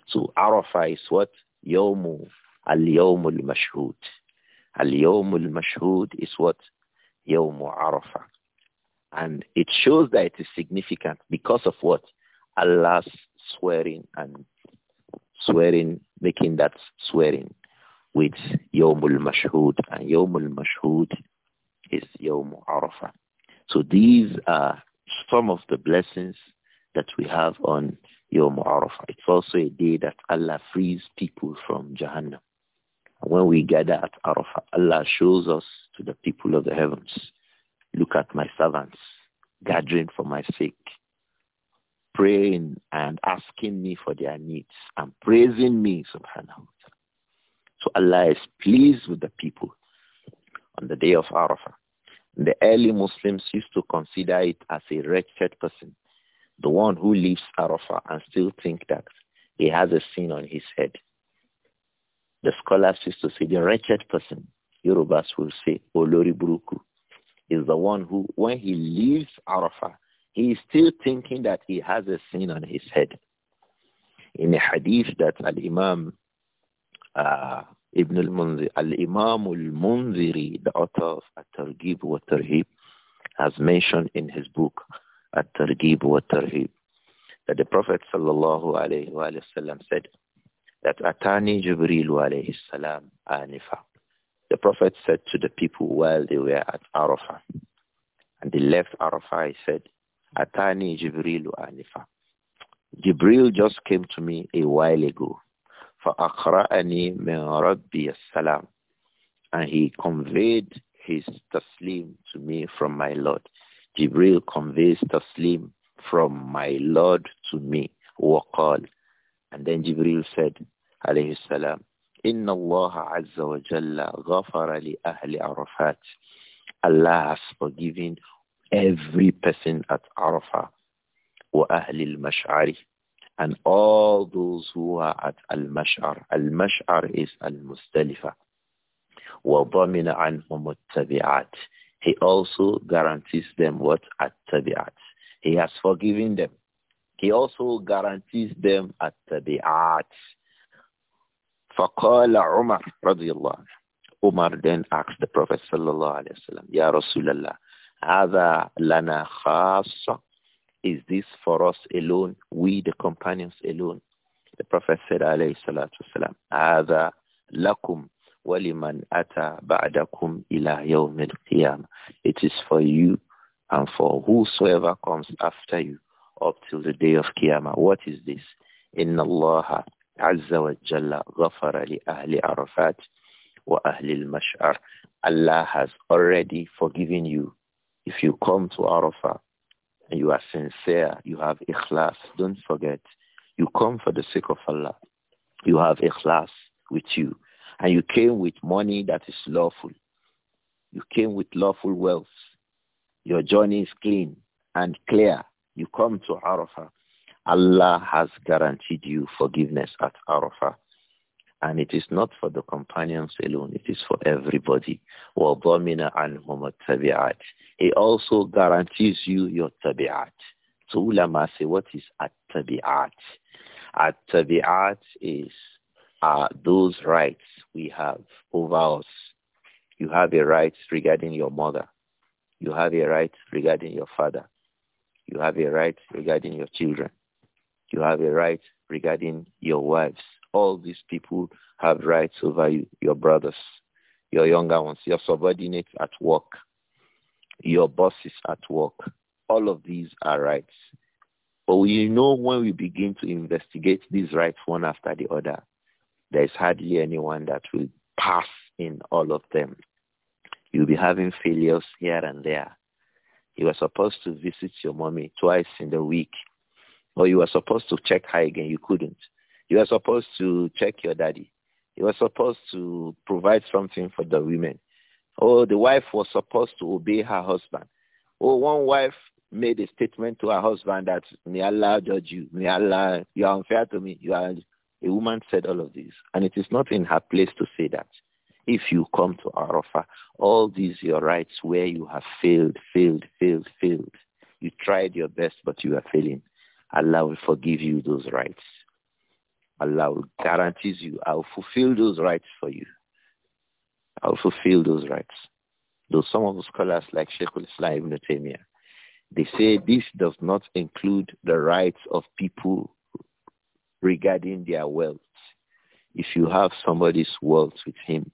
So Arafah is what? Yawmu, al al mashhud. al al mashhud is what? Yawmu Arafah. And it shows that it is significant because of what? Allah's swearing and swearing, making that swearing with Yomul Mashhud. And Yomul Mashhud is Yomul Arafah. So these are some of the blessings that we have on Yomul Arafah. It's also a day that Allah frees people from Jahannam. when we gather at Arafah, Allah shows us to the people of the heavens. Look at my servants gathering for my sake, praying and asking me for their needs and praising me, subhanahu wa ta'ala. So Allah is pleased with the people on the day of Arafah. The early Muslims used to consider it as a wretched person, the one who leaves Arafah and still think that he has a sin on his head. The scholars used to say the wretched person, Yorubas will say, Olori Buruku, is the one who, when he leaves Arafah, he is still thinking that he has a sin on his head. In a hadith that Al-Imam uh, Ibn al-Munzir, Al-Imam al-Munziri, the author of At-Targhib wa Tarhib, has mentioned in his book At-Targhib wa Tarhib that the Prophet sallallahu alayhi wa sallam said that Atani Jibril alayhi salam anifa. The Prophet said to the people while they were at Arafah, and they left Arafah, he said, Atani Jibrilu Anifa. Jibril just came to me a while ago. فَأَقْرَأَنِي مِنْ رَبِّي السَّلَامِ And he conveyed his taslim to me from my Lord. Jibril conveys taslim from my Lord to me. وَقَالَ And then Jibril said, alayhi salam, إن الله عز وجل غفر لأهل عرفات Allah has forgiven every person at Arafah وأهل المشعر and all those who are at Al-Mash'ar. Al-Mash'ar is Al-Mustalifa. وَضَمِنَ عَنْهُمُ التَّبِعَاتِ He also guarantees them what? At-Tabi'at. He has forgiven them. He also guarantees them At-Tabi'at. فَقَالَ عُمَرْ رضي الله عنه Umar then asked the Prophet sallallahu alayhi wa sallam, Ya Rasulallah, هذا لنا خاصة Is this for us alone, we the companions alone? The Prophet said عليه salatu wasalam, هذا لكم ولمن أتى بعدكم إلى يوم القيامة. It is for you and for whosoever comes after you up till the day of Qiyamah. What is this? إن الله Allah has already forgiven you. If you come to Arafah and you are sincere, you have ikhlas, don't forget. You come for the sake of Allah. You have ikhlas with you. And you came with money that is lawful. You came with lawful wealth. Your journey is clean and clear. You come to Arafah Allah has guaranteed you forgiveness at Arafah. And it is not for the companions alone, it is for everybody. He also guarantees you your tabi'at. So ulama say, what is at-tabi'at? At-tabi'at is uh, those rights we have over us. You have a right regarding your mother. You have a right regarding your father. You have a right regarding your children. You have a right regarding your wives. All these people have rights over you, your brothers, your younger ones, your subordinates at work, your bosses at work. All of these are rights. But we know when we begin to investigate these rights one after the other, there is hardly anyone that will pass in all of them. You'll be having failures here and there. You were supposed to visit your mommy twice in the week. Or you were supposed to check high again, you couldn't. You were supposed to check your daddy. You were supposed to provide something for the women. Or oh, the wife was supposed to obey her husband. Or oh, one wife made a statement to her husband that, may Allah judge you. May Allah, you are unfair to me. You are a woman said all of this, and it is not in her place to say that. If you come to Arafah, all these your rights where you have failed, failed, failed, failed. You tried your best, but you are failing. Allah will forgive you those rights. Allah will guarantees you, I will fulfill those rights for you. I will fulfill those rights. Though some of the scholars like sheik al-Islam ibn Taymiyyah, they say this does not include the rights of people regarding their wealth. If you have somebody's wealth with him,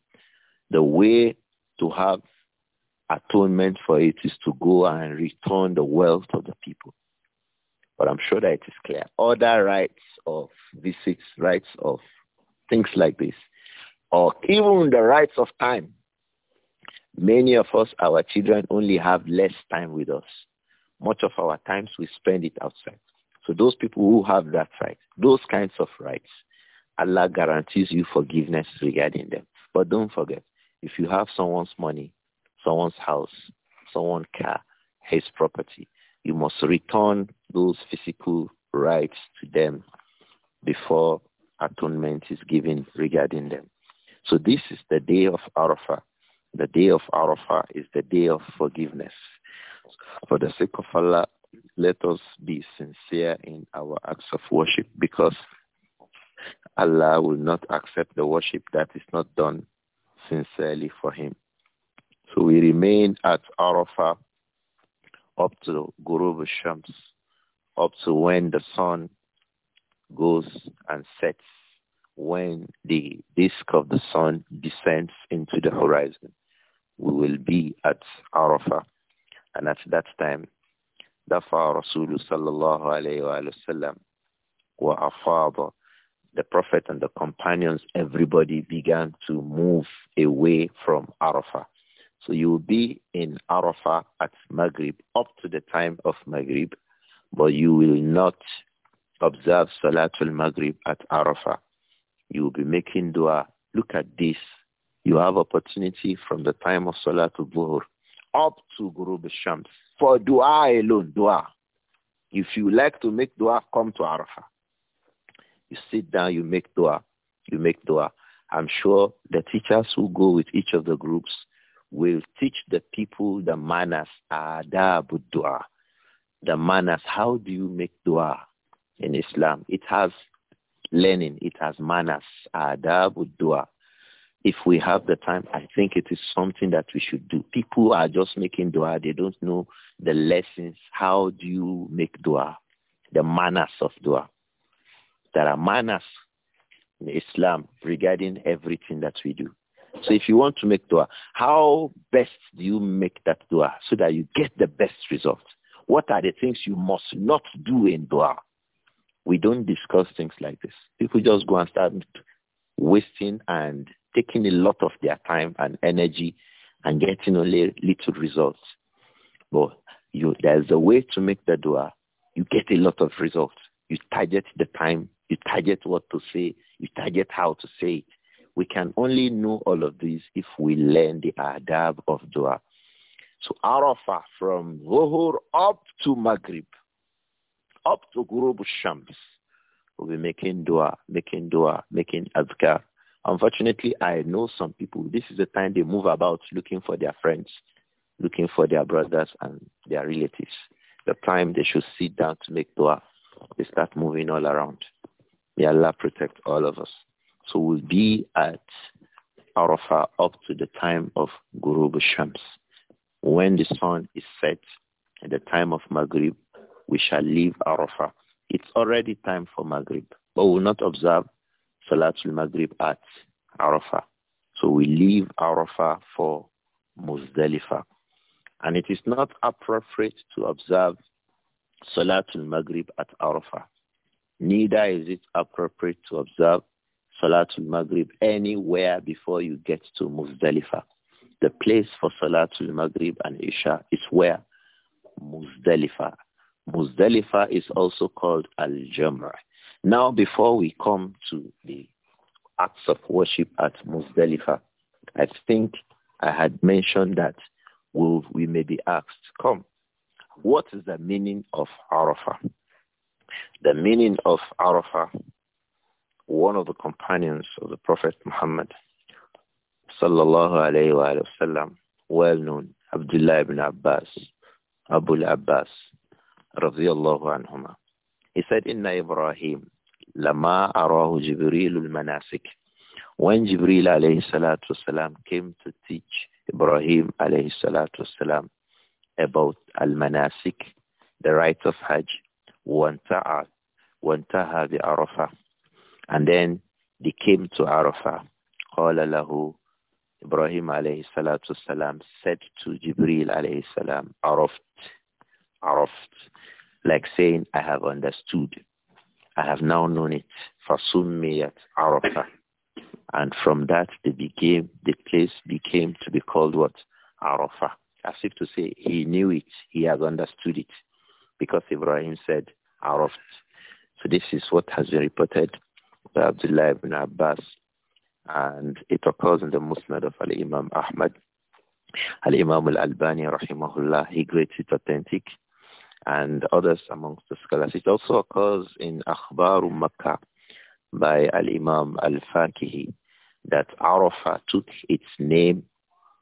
the way to have atonement for it is to go and return the wealth of the people. But I'm sure that it is clear. Other rights of visits, rights of things like this, or even the rights of time. Many of us, our children only have less time with us. Much of our times we spend it outside. So those people who have that right, those kinds of rights, Allah guarantees you forgiveness regarding them. But don't forget, if you have someone's money, someone's house, someone's car, his property, you must return those physical rights to them before atonement is given regarding them. So this is the day of Arafah. The day of Arafah is the day of forgiveness. For the sake of Allah, let us be sincere in our acts of worship because Allah will not accept the worship that is not done sincerely for him. So we remain at Arafah up to Guru Shams, up to when the sun goes and sets, when the disk of the sun descends into the horizon. We will be at Arafah. And at that time, dafa Rasulullah sallallahu alayhi The Prophet and the companions, everybody began to move away from Arafah. So you will be in Arafah at Maghrib up to the time of Maghrib, but you will not observe Salatul Maghrib at Arafah. You will be making dua. Look at this. You have opportunity from the time of Salatul Zuhur up to Ghurub Shams for dua alone, dua. If you like to make dua, come to Arafah. You sit down, you make dua, you make dua. I'm sure the teachers who go with each of the groups will teach the people the manners, adab dua, the manners. How do you make dua in Islam? It has learning. It has manners, adab dua. If we have the time, I think it is something that we should do. People are just making dua. They don't know the lessons. How do you make dua? The manners of dua. There are manners in Islam regarding everything that we do. So if you want to make dua, how best do you make that dua so that you get the best result? What are the things you must not do in dua? We don't discuss things like this. People just go and start wasting and taking a lot of their time and energy and getting only little results. But you, there's a way to make the dua. You get a lot of results. You target the time. You target what to say. You target how to say it we can only know all of this if we learn the adab of dua. So Arafah from Zuhur up to Maghrib, up to Ghurub Shams, we'll be making dua, making dua, making adhkar. Unfortunately, I know some people, this is the time they move about looking for their friends, looking for their brothers and their relatives. The time they should sit down to make dua, they start moving all around. May Allah protect all of us. So we'll be at Arafah up to the time of Gurub Shams. When the sun is set at the time of Maghrib, we shall leave Arafah. It's already time for Maghrib, but we will not observe Salatul Maghrib at Arafah. So we leave Arafah for Muzdalifah. And it is not appropriate to observe Salatul Maghrib at Arafah. Neither is it appropriate to observe Salatul Maghrib anywhere before you get to Muzdalifa. The place for Salatul Maghrib and Isha is where? Muzdalifa. Muzdalifah is also called Al-Jamr. Now before we come to the acts of worship at Muzdalifa, I think I had mentioned that we'll, we may be asked, come, what is the meaning of Arafah? The meaning of Arafah one of the companions of the Prophet Muhammad sallallahu alayhi wa sallam, well known, Abdullah ibn Abbas, Abu abbas radiyallahu anhuma. He said, Inna Ibrahim, lama arahu Jibrilul manasik. When Jibril alayhi salatu salam, came to teach Ibrahim alayhi salatu salam, about al-manasik, the rites of Hajj, وانتهى بأرفة and then they came to Arafah. Ibrahim alayhi salatu salam said to Jibril alayhi salam, Araft, Araft, like saying, I have understood. I have now known it. Fasummiyat Arafah. And from that they became, the place became to be called what? Arafah. As if to say, he knew it, he has understood it. Because Ibrahim said, Araft. So this is what has been reported by Abdullah ibn Abbas, and it occurs in the Musnad of Al-Imam Ahmad. Al-Imam Al-Albani, rahimahullah, he grades it authentic, and others amongst the scholars. It also occurs in Akhbar Makkah by Al-Imam al faqih that Arafah took its name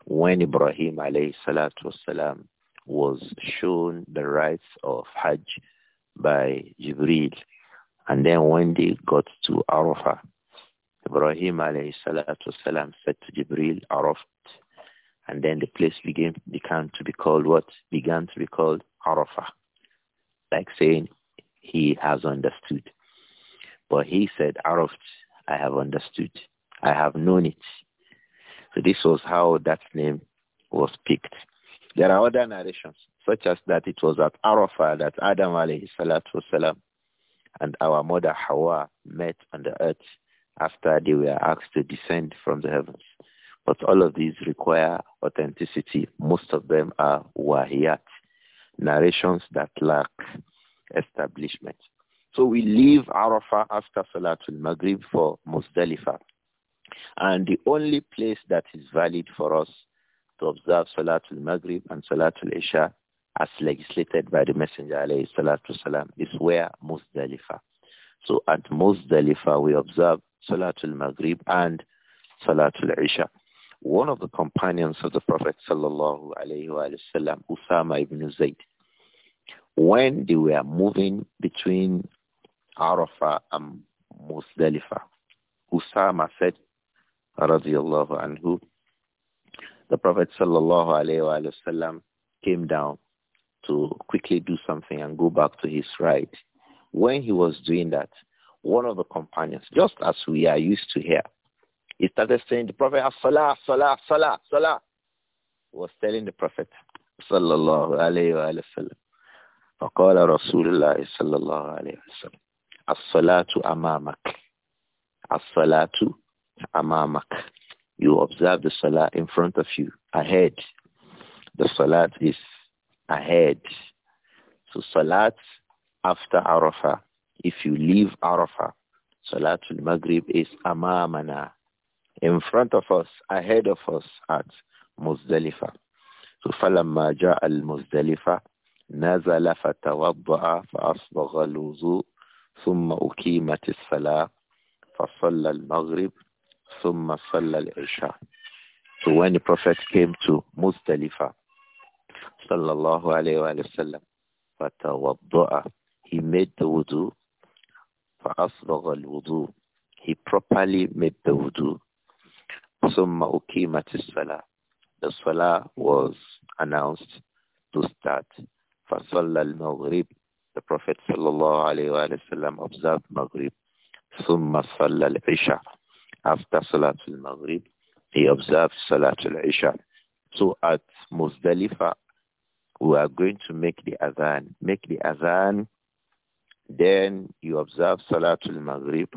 when Ibrahim alayhi salatu wasalam was shown the rites of Hajj by Jibril and then when they got to Arafah, Ibrahim alayhi salatu salam said to Jibril, Arafat. And then the place began, began to be called what? Began to be called Arafah. Like saying, he has understood. But he said, Arafat, I have understood. I have known it. So this was how that name was picked. There are other narrations, such as that it was at Arafah that Adam alayhi salatu salam and our mother Hawa met on the earth after they were asked to descend from the heavens. But all of these require authenticity. Most of them are wahiyat, narrations that lack establishment. So we leave Arafah after Salatul Maghrib for Muzdalifah. And the only place that is valid for us to observe Salatul Maghrib and Salatul Isha as legislated by the Messenger alayhi salatu salam is where Muzdalifah. So at Muzdalifah we observe Salatul Maghrib and Salatul Isha. One of the companions of the Prophet sallallahu alayhi wa Usama ibn Zayd, when they were moving between Arafah and Muzdalifah, Usama said, radiallahu anhu, the Prophet sallallahu alayhi wa came down to quickly do something and go back to his ride. When he was doing that, one of the companions, just as we are used to hear, he started saying, the Prophet, Salah, Salah, Salah, Salah, was telling the Prophet, Sallallahu Alaihi Wasallam, فقال رسول الله صلى الله عليه وسلم الصلاة أمامك الصلاة أمامك You observe the salah in front of you, ahead. The salah is ahead. So Salat after Arafah. If you leave Arafah, Salatul Maghrib is amamana, in front of us, ahead of us at Muzdalifah. So فلما جاء المزدلفة نزل فتوضأ فأصبغ الوضوء ثم أقيمت الصلاة فصلى المغرب ثم صلى العشاء. So when the Prophet came to Muzdalifah, صلى الله عليه wa sallam. فَتَوَضَّأَ He made the wudu. فَأَصْبَغَ الْوُضُوء He properly made the wudu. ثُمَّ أُقِيمَتِ الصَّلَاةِ The salah was announced to start. فَصَلَّى الْمَغْرِبِ The Prophet sallallahu alayhi wa وسلم observed Maghrib. ثُمَّ صَلَّى الْعِشَاءِ After صلاة المغرب he observed صلاة Isha. So at Muzdalifah, we are going to make the azan. Make the azan, then you observe Salatul Maghrib,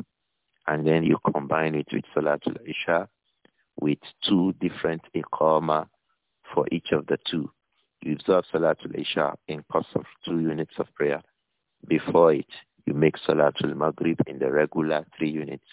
and then you combine it with Salatul Isha with two different ikama for each of the two. You observe Salatul Isha in cost of two units of prayer. Before it, you make Salatul Maghrib in the regular three units.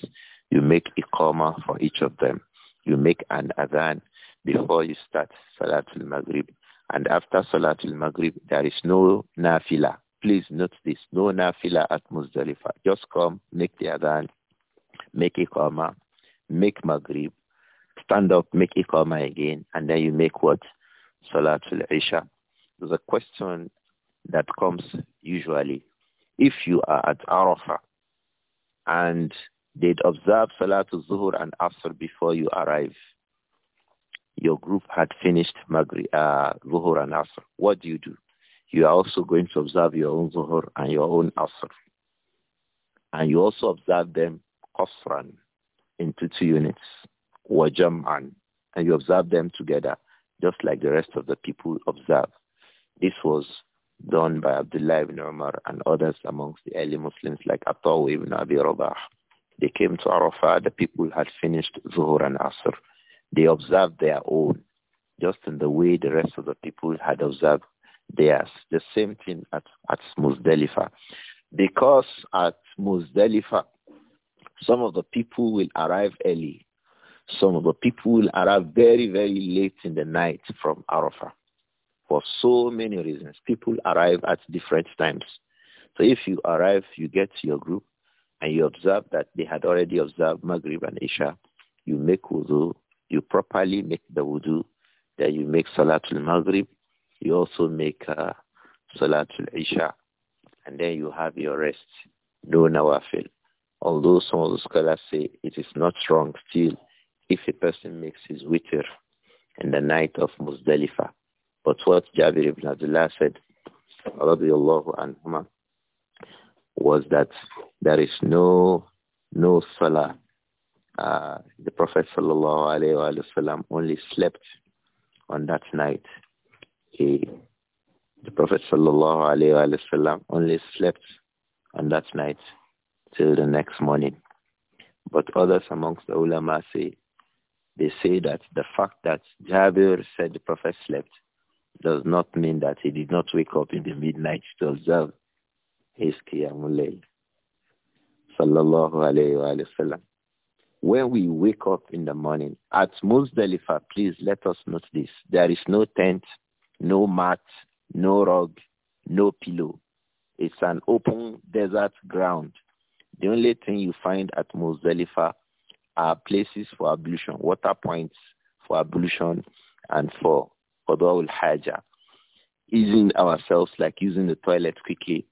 You make ikama for each of them. You make an adhan before you start Salatul Maghrib and after al Maghrib, there is no nafila. Please note this, no nafila at Muzdalifah. Just come, make the adhan, make iqama, make Maghrib, stand up, make iqama again, and then you make what? al Isha. There's a question that comes usually. If you are at Arafah and they'd observe to Zuhur and Asr before you arrive, your group had finished Maghrib, uh, Zuhur and Asr. What do you do? You are also going to observe your own Zuhur and your own Asr. And you also observe them Qasran into two units, Wajam'an. And you observe them together, just like the rest of the people observe. This was done by Abdullah ibn Umar and others amongst the early Muslims like Atawi ibn Abi Rabah. They came to Arafah, the people had finished Zuhur and Asr they observed their own, just in the way the rest of the people had observed theirs. The same thing at, at Muzdalifah. Because at Muzdalifa, some of the people will arrive early. Some of the people will arrive very, very late in the night from Arafah for so many reasons. People arrive at different times. So if you arrive, you get to your group and you observe that they had already observed Maghrib and Isha, you make wudu, you properly make the wudu, then you make Salatul Maghrib, you also make uh, Salatul Isha, and then you have your rest, no nawafil. Although some of the scholars say it is not wrong still if a person makes his witr in the night of Muzdalifah. But what Jabir ibn Abdullah said, radiallahu anhumah, was that there is no no salah uh, the Prophet wasallam only slept on that night. He, the Prophet wasallam only slept on that night till the next morning. But others amongst the ulama say, they say that the fact that Jabir said the Prophet slept does not mean that he did not wake up in the midnight to observe his Qiyamul Layl. Sallallahu alayhi wa sallam when we wake up in the morning, at Muzdalifah, please let us note this. There is no tent, no mat, no rug, no pillow. It's an open desert ground. The only thing you find at Muzdalifah are places for ablution, water points for ablution and for Qadwa al Easing ourselves like using the toilet quickly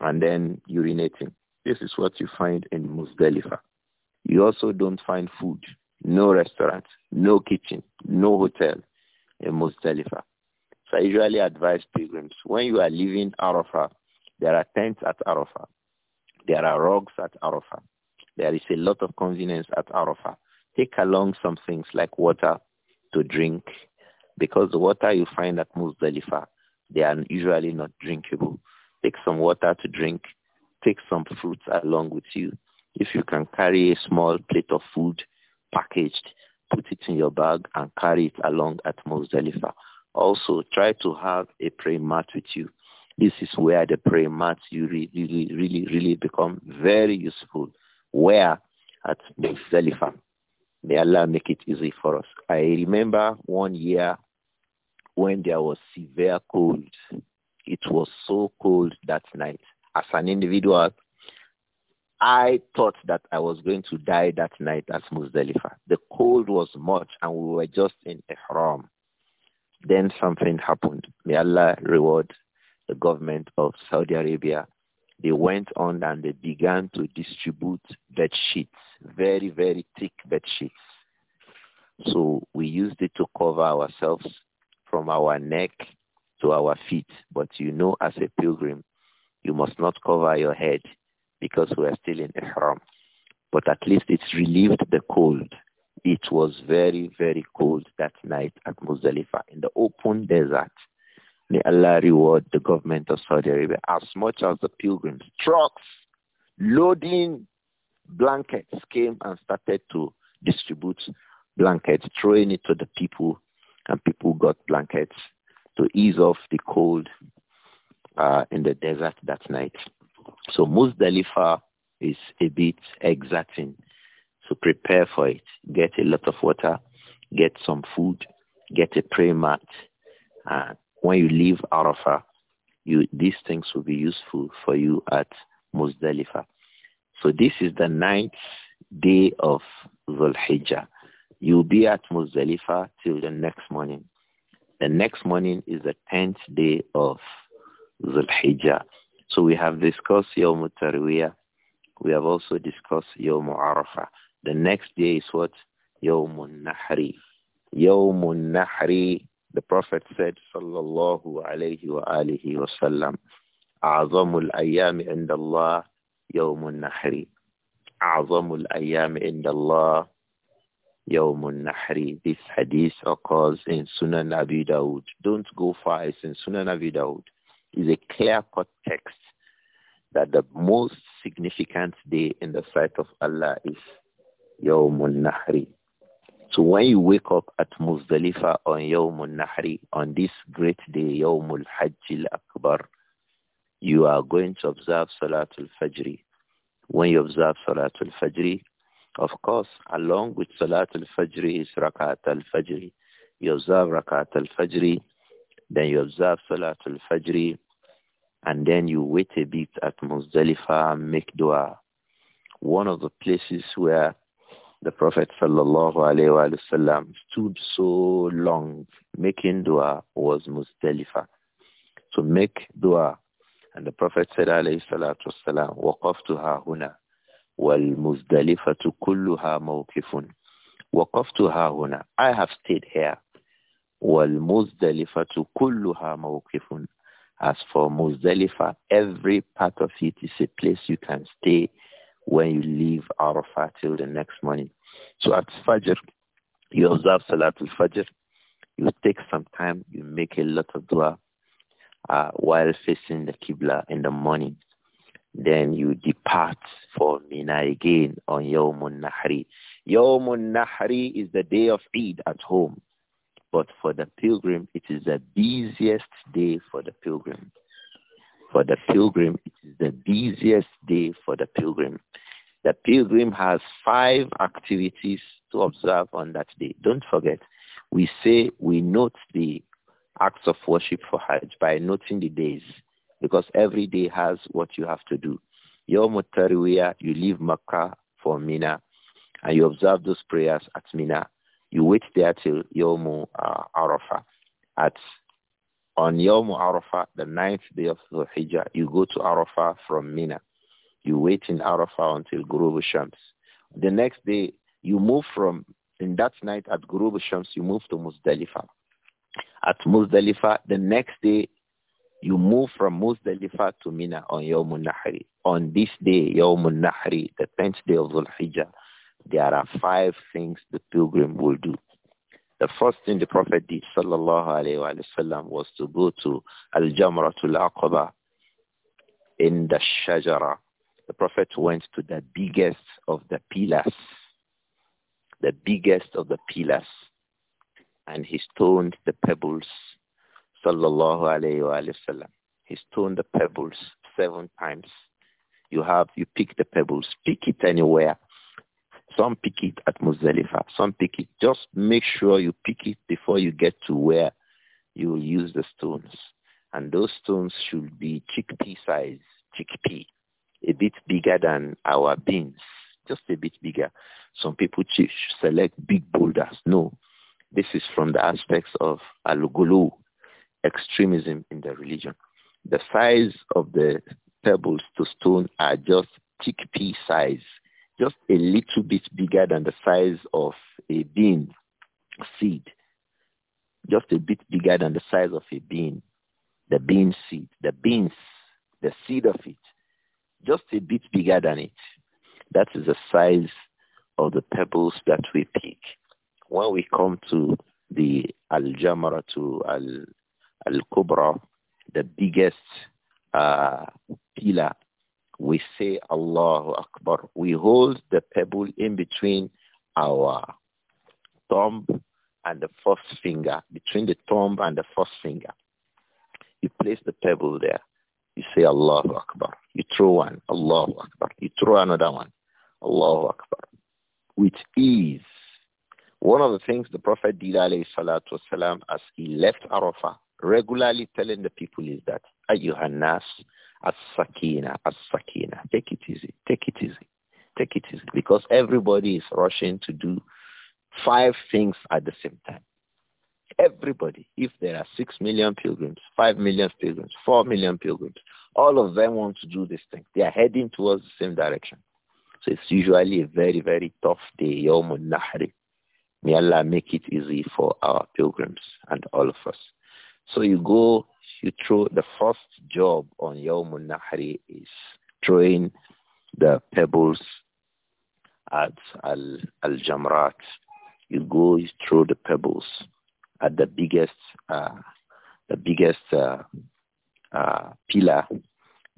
and then urinating. This is what you find in Muzdalifah. You also don't find food, no restaurant, no kitchen, no hotel in Muzdalifah. So I usually advise pilgrims, when you are leaving Arafah, there are tents at Arafah. There are rugs at Arafah. There is a lot of convenience at Arafah. Take along some things like water to drink because the water you find at Muzdalifah, they are usually not drinkable. Take some water to drink. Take some fruits along with you. If you can carry a small plate of food packaged, put it in your bag and carry it along at Muzdalifah. Also, try to have a prayer mat with you. This is where the prayer mat you really, really, really, really become very useful. Where? At Muzdalifah. May Allah make it easy for us. I remember one year when there was severe cold. It was so cold that night. As an individual, I thought that I was going to die that night at Muzdalifa. The cold was much and we were just in Ihram. Then something happened. May Allah reward the government of Saudi Arabia. They went on and they began to distribute bed sheets, very, very thick bed sheets. So we used it to cover ourselves from our neck to our feet. But you know, as a pilgrim, you must not cover your head because we are still in Ihram. But at least it's relieved the cold. It was very, very cold that night at Muzdalifah in the open desert. May Allah reward the government of Saudi Arabia as much as the pilgrims. Trucks loading blankets came and started to distribute blankets, throwing it to the people, and people got blankets to ease off the cold uh, in the desert that night. So Muzdalifah is a bit exacting. So prepare for it. Get a lot of water, get some food, get a prayer mat. Uh, when you leave Arafah, you, these things will be useful for you at Muzdalifah. So this is the ninth day of Dhul You'll be at Muzdalifah till the next morning. The next morning is the tenth day of Dhul so we have discussed Yom Tarwiyah. We have also discussed Yom Arafah. The next day is what? Yom Nahri. Yom Nahri. The Prophet said, Sallallahu alayhi wa alihi wa sallam, أعظم الأيام عند الله يوم النحر أعظم الأيام عند الله يوم النحر This hadith occurs in Sunan Abi Dawud. Don't go far, it's in Sunan Abi Dawud is a clear-cut text that the most significant day in the sight of Allah is Yawmul Nahri. So when you wake up at Muzdalifa on Yawmul Nahri, on this great day, Yawmul Hajjil Akbar, you are going to observe Salatul Fajr. When you observe Salatul Fajr, of course, along with Salatul Fajr is Rakat al-Fajr. You observe Rakat al-Fajr, then you observe Salatul Fajr and then you wait a bit at Muzdalifah make dua. One of the places where the Prophet wasallam stood so long making dua was Muzdalifah. To make dua. And the Prophet said alayhi salatu wasalam, وَقَفْتُهَا هُنَا Walk off to her huna. I have stayed here. وَالْمُزْدَلِفَةُ كُلُّهَا مَوْقِفٌ As for Muzdalifah, every part of it is a place you can stay when you leave Arafah till the next morning. So at Fajr, you observe Salatul Fajr, you take some time, you make a lot of dua uh, while facing the Qibla in the morning. Then you depart for Mina again on Yawmun Nahri. Yawmun Nahri is the day of Eid at home. But for the pilgrim, it is the busiest day for the pilgrim. For the pilgrim, it is the busiest day for the pilgrim. The pilgrim has five activities to observe on that day. Don't forget, we say we note the acts of worship for Hajj by noting the days because every day has what you have to do. Yom Tariwiyah, you leave Makkah for Mina and you observe those prayers at Mina. You wait there till Yom uh, Arafah. At, on Yom Arafah, the ninth day of the Hijjah, you go to Arafah from Mina. You wait in Arafah until Gurub Shams. The next day, you move from, in that night at Gurub Shams, you move to Muzdalifah. At Muzdalifah, the next day, you move from Muzdalifah to Mina on Yawm al-Nahri. On this day, Yawm al-Nahri, the 10th day of the hijjah there are five things the pilgrim will do. The first thing the Prophet did, sallallahu alayhi wasallam, was to go to Al-Jamratul Aqaba in the Shajara. The Prophet went to the biggest of the pillars, the biggest of the pillars, and he stoned the pebbles, sallallahu alayhi wasallam. He stoned the pebbles seven times. You have, you pick the pebbles, pick it anywhere, some pick it at Muzdalifah. Some pick it. Just make sure you pick it before you get to where you will use the stones. And those stones should be chickpea size, chickpea, a bit bigger than our beans, just a bit bigger. Some people select big boulders. No, this is from the aspects of alugulu, extremism in the religion. The size of the pebbles to stone are just chickpea size just a little bit bigger than the size of a bean seed, just a bit bigger than the size of a bean, the bean seed, the beans, the seed of it, just a bit bigger than it. That is the size of the pebbles that we pick. When we come to the al-jamara to al-kubra, the biggest uh, pillar we say Allahu Akbar. We hold the pebble in between our thumb and the first finger, between the thumb and the first finger. You place the pebble there. You say Allahu Akbar. You throw one, Allahu Akbar. You throw another one, Allahu Akbar. With ease. One of the things the Prophet did alayhi salatu as he left Arafah, regularly telling the people is that, Ayyuhannas, as-sakina, as-sakina. Take it easy, take it easy, take it easy. Because everybody is rushing to do five things at the same time. Everybody, if there are six million pilgrims, five million pilgrims, four million pilgrims, all of them want to do this thing. They are heading towards the same direction. So it's usually a very, very tough day, Yawmul Nahri. May Allah make it easy for our pilgrims and all of us. So you go you throw the first job on Yawmun Nahri is throwing the pebbles at Al, al Jamrat. You go, you throw the pebbles at the biggest, uh, the biggest uh, uh, pillar.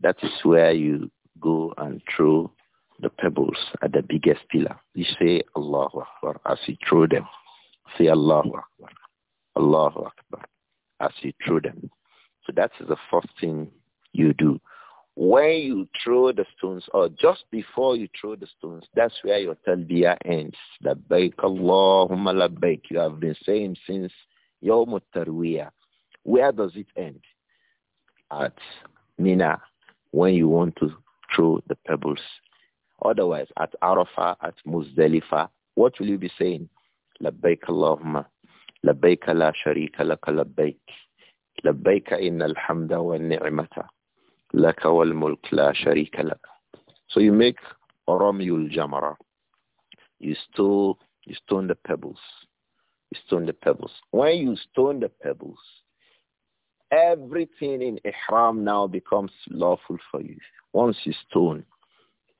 That is where you go and throw the pebbles at the biggest pillar. You say Allahu Akbar as you throw them. Say Allahu Akbar. Allahu Akbar as you throw them. So that is the first thing you do. When you throw the stones or just before you throw the stones, that's where your talbiya ends. Labbaik Allahumma labbaik. You have been saying since Yawm Tarwiyah. Where does it end? At Mina, when you want to throw the pebbles. Otherwise, at Arafah, at Muzdalifah, what will you be saying? Labbaik Allahumma. Labbaik la sharika laka labbaik. لبيك إن الحمد والنعمة لك والملك لا شريك لك So you make رمي jamara. You stone, you stone the pebbles You stone the pebbles When you stone the pebbles Everything in Ihram now becomes lawful for you Once you stone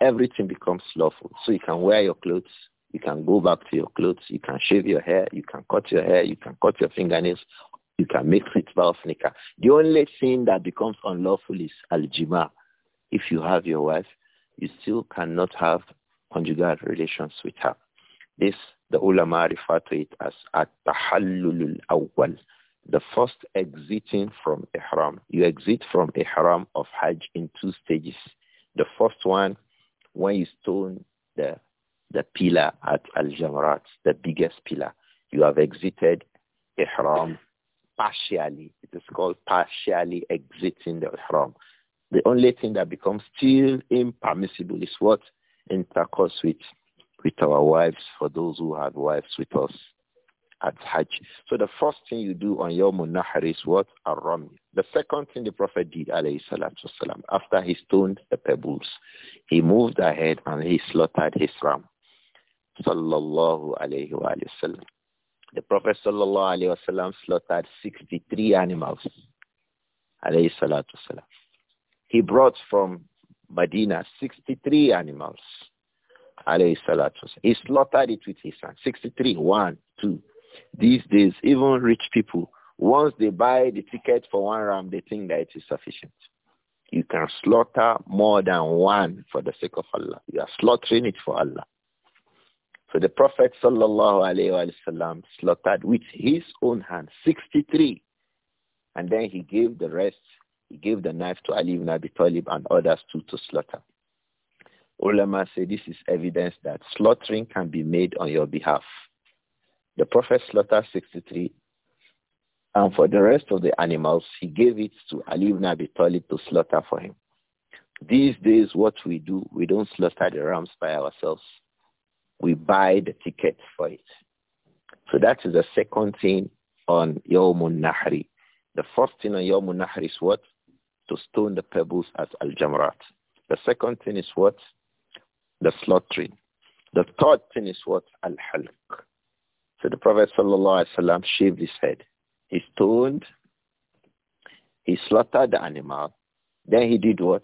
Everything becomes lawful So you can wear your clothes you can go back to your clothes, you can shave your hair, you can cut your hair, you can cut your fingernails. You can make it with nikah. The only thing that becomes unlawful is al If you have your wife, you still cannot have conjugal relations with her. This, the ulama refer to it as at-tahallul awwal, the first exiting from ihram. You exit from ihram of hajj in two stages. The first one, when you stone the, the pillar at Al-Jamrat, the biggest pillar, you have exited ihram partially. It is called partially exiting the ihram. The only thing that becomes still impermissible is what? Intercourse with, with our wives, for those who have wives with us at Hajj. So the first thing you do on your Nahar is what? Aram. The second thing the Prophet did, alayhi salatu wasalam, after he stoned the pebbles, he moved ahead and he slaughtered his ram. Sallallahu alayhi wa sallam. The Prophet sallallahu slaughtered 63 animals. He brought from Medina 63 animals. He slaughtered it with his hand. 63, 1, 2. These days, even rich people, once they buy the ticket for one ram, they think that it is sufficient. You can slaughter more than one for the sake of Allah. You are slaughtering it for Allah. So the Prophet sallallahu slaughtered with his own hand 63. And then he gave the rest, he gave the knife to Ali ibn Abi Talib and others too to slaughter. Ulama say this is evidence that slaughtering can be made on your behalf. The Prophet slaughtered 63 and for the rest of the animals, he gave it to Ali ibn Abi Talib to slaughter for him. These days, what we do, we don't slaughter the rams by ourselves we buy the tickets for it. So that is the second thing on Yawmun Nahri. The first thing on Yawmun Nahri is what? To stone the pebbles at Al-Jamrat. The second thing is what? The slaughtering. The third thing is what? Al-Halq. So the Prophet ﷺ shaved his head. He stoned. He slaughtered the animal. Then he did what?